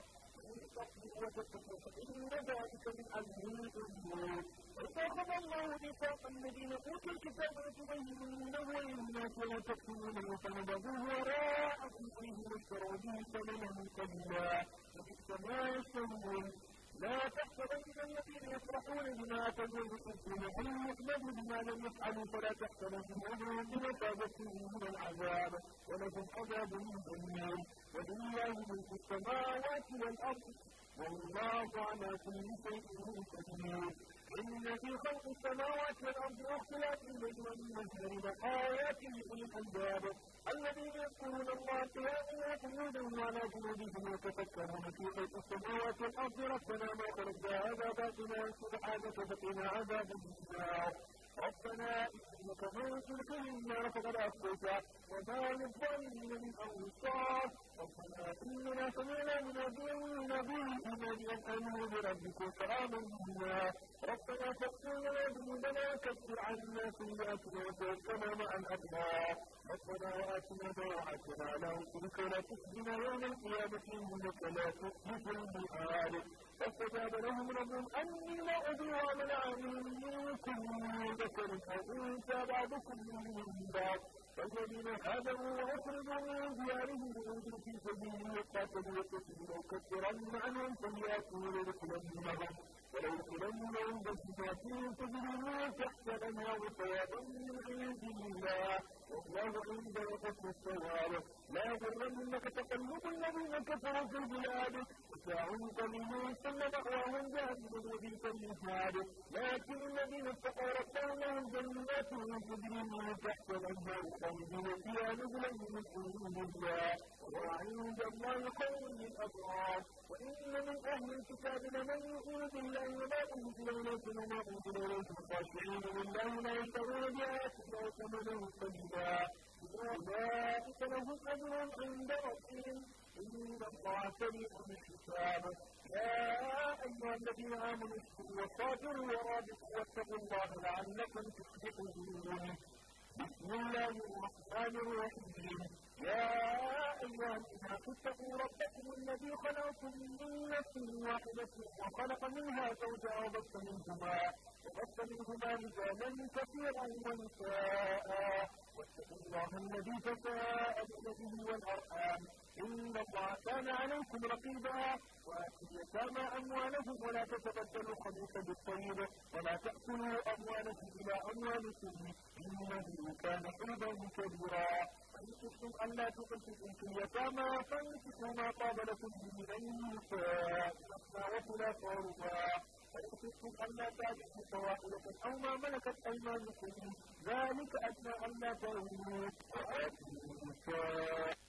إن ذلك من أمر الأمور وأخذ الله ميثاق الذين أوتوا الكتاب لتبيننه للناس ولا تكتمونه فنبذوه وراء ظهورهم واشتروا به ثمنا قليلا وبئس ما يشترون لا تحسبن الذين يفرحون بما اتوا بكفرهم يحمدوا بما لم يفعلوا فلا تحسبنهم بمثابتهم من العذاب ولهم عذاب أليم ولله ملك السماوات والأرض والله على كل شيء قدير إن في خلق السماوات والأرض واختلاف الليل والنهار لآيات لأولي الألباب الذين يذكرون الله قياما وقعودا وعلى جنوبهم يتفكرون في خلق السماوات والارض ربنا ما خلقت هذا باطلا سبحانك فقنا عذاب النار ربنا إنك من تلكهم ما فقد أخذت وما للظالمين من أنصار ربنا إننا سمعنا مناديا ينادي إيمان أن آمنوا بربكم بنا ربنا فاغفر لنا ذنوبنا وكفر عنا سيئاتنا وتوفنا مع الأبرار ربنا وآتنا ما وعدتنا على رسلك لا تخزنا يوم القيامة إنك لا تخلف الميعاد فاستجاب لهم ربهم أني لا أضيع عمل عامل منكم من ذكر أو أنثى بعضكم من بعض فالذين هاجروا وأخرجوا من ديارهم لينفروا في سبيلي وقاتلوا وقتلوا لأكفرن عنهم سيئاتهم ولأدخلنهم ولأدخلنهم جنات تجري من تحت الأنهار ثوابا من عند الله والله عند وقت الثواب لا يغرنك تقلب الذين كفروا في البلاد متاع قليل ثم مأواهم جهنم وبئس المهاد لكن الذين اتقوا ربهم لهم جنات تجري من تحت الأنهار خالدين فيها نزلا من كل الله وعند الله خير للأبرار وإن من أهل الكتاب لمن يؤمن بالله وما أنزل إليكم وما أنزل إليكم خاشعين لله لا يشترون بآيات الله ثمنا قليلا أولئك لهم أجر عند ربهم إن الله سريع الحساب يا أيها الذين آمنوا اذكروا وصابروا ورابطوا واتقوا الله لعلكم تفلحون بسم الله الرحمن الرحيم يا أيها الناس اتقوا ربكم الذي خلقكم من نفس واحدة وخلق منها زوجها وبث منهما وبث منهما رجالا كثيرا ونساء واتقوا الله الذي تساءلون به والأرحام إن الله كان عليكم رقيبا وآتوا اليتامى أموالهم ولا تتبدلوا الخبيث بالطيب ولا تأكلوا أموالكم إلى أموالكم إنه كان حلبا كبيرا فإن ان لا تقتلوا في اليتامى فانكحوا ما طاب لكم من النساء مثنى وثلاث ورباع فإن ألا تعرفوا سواء أو ما ملكت أيمانكم ذلك أدنى ألا تعودوا وآتوا